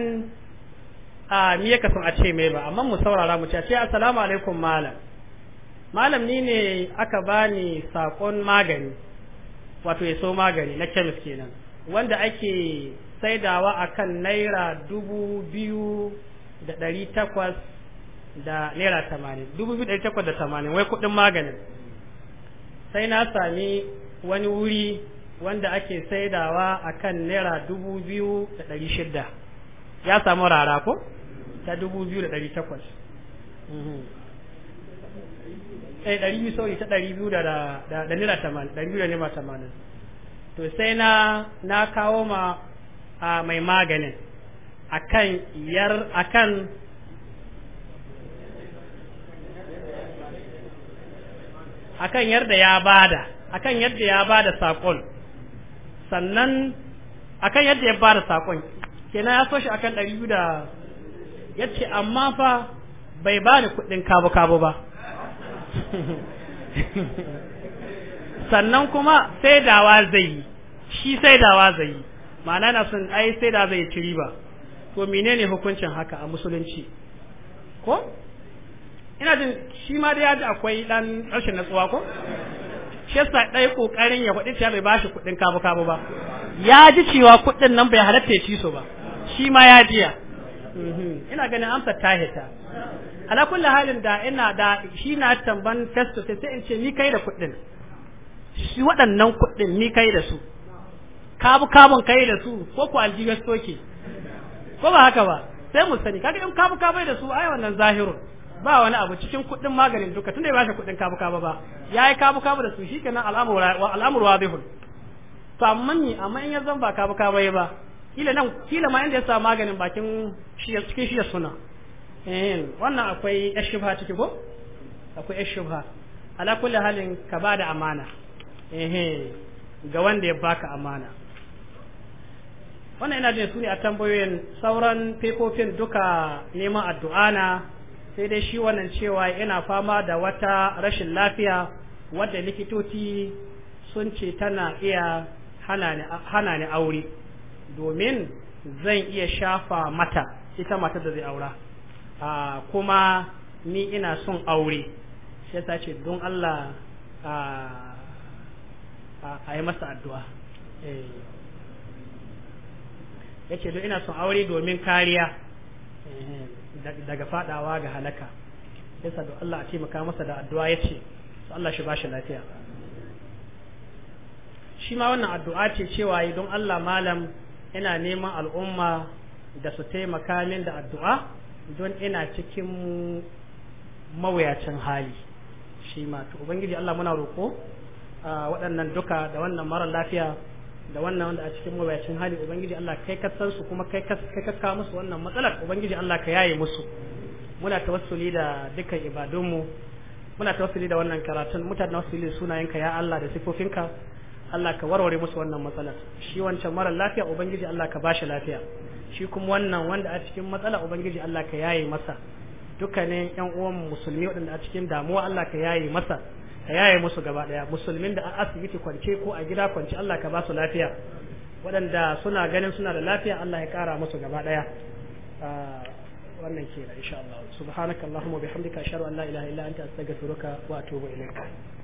a me yake kasan a ce mai ba amma mu saurara mu ce ce assalamu alaikum malam malam ni ne aka bani sakon magani wato ya so magani na kemis kenan wanda ake saidawa akan naira dubu biyu da ɗari takwas da naira tamanin dubu biyu ɗari takwas da tamanin wai kuɗin maganin sai na sami wani wuri wanda ake saidawa a kan naira dubu biyu da ɗari shida ya samu rara ko ta dubu biyu da ɗari takwas mhm. eh, ɗari dari biyu sauri ta ɗari biyu da naira tamanin ɗari biyu da naira tamanin to sai na na kawo ma mai maganin akan yar akan akan yarda ya bada akan yadda ya bada sakon sannan akan yadda ya bada sakon kenan ya so shi akan 200 ya yace amma fa bai bada kudin kabo kabo ba sannan kuma sai dawa zai yi shi sai dawa zai yi ma'ana na sun ai sai da zai ciri ba to menene hukuncin haka a musulunci ko ina jin shi ma da ji akwai dan rashin natsuwa ko shi yasa dai kokarin ya kuɗi cewa bai bashi kuɗin kabu kabu ba ya ji cewa kuɗin nan bai halatta shi so ba shi ma ya jiya mhm. ina ganin amsa ta hita ala kulli halin da ina da shi na tamban test sai sai in ce ni kai da kuɗin shi waɗannan kuɗin ni kai da su kabu kabun kai da su ko ku aljiyar soke ko ba haka ba sai mu sani kaga in kabu kabai da su ai wannan zahirun ba wani abu cikin kuɗin maganin duka tunda ya bashi kuɗin kabu kabu ba ya yi kabu kabu da su kenan al'amur wa bihun. to amma ni amma in ya zan ba kabu kabu ba kila nan kila ma inda ya sa maganin bakin shi cikin shi suna eh wannan akwai ashibha ciki ko akwai ashibha ala kulli halin ka ba da amana eh ga wanda ya baka amana wannan ina jin su ne a tambayoyin sauran fefofin duka neman addu'a na sai dai shi wannan cewa yana fama da wata rashin lafiya wadda likitoci sun ce tana iya hana ni aure domin zan iya shafa mata ita mata da zai aura kuma ni ina son aure sai ta ce don Allah a yi masa addu'a eh. ya ce don ina son aure domin kariya daga fadawa ga halaka yasa da Allah a taimaka masa da addu'a yace su Allah shi bashi lafiya shi ma wannan addu'a ce cewa don Allah malam yana neman al'umma da su taimaka min da addu'a don ina cikin mawuyacin hali shi ma to ubangiji Allah muna roko waɗannan duka da wannan mara lafiya da wannan wanda a cikin mawayacin hali ubangiji Allah kai kasar su kuma kai kaska musu wannan matsalar ubangiji Allah ka yaye musu muna tawassuli da dukkan ibadunmu muna tawassuli da wannan karatun mutane tawassuli sunayenka ya Allah da sifofinka Allah ka warware musu wannan matsalar shi wancan mara lafiya ubangiji Allah ka bashi lafiya shi kuma wannan wanda a cikin matsala ubangiji Allah ka yaye masa dukkanin yan uwan musulmi waɗanda a cikin damuwa Allah ka yaye masa a yaye musu gaba daya musulmin da a asibiti kwance ko a gida kwance Allah ka ba su lafiya waɗanda suna ganin suna da lafiya Allah ya kara musu gaba daya ah, wannan ke insha Allah subhanakallahumma bihamdika ashhadu an la ilaha illa anta astaghfiruka wa atubu ilayk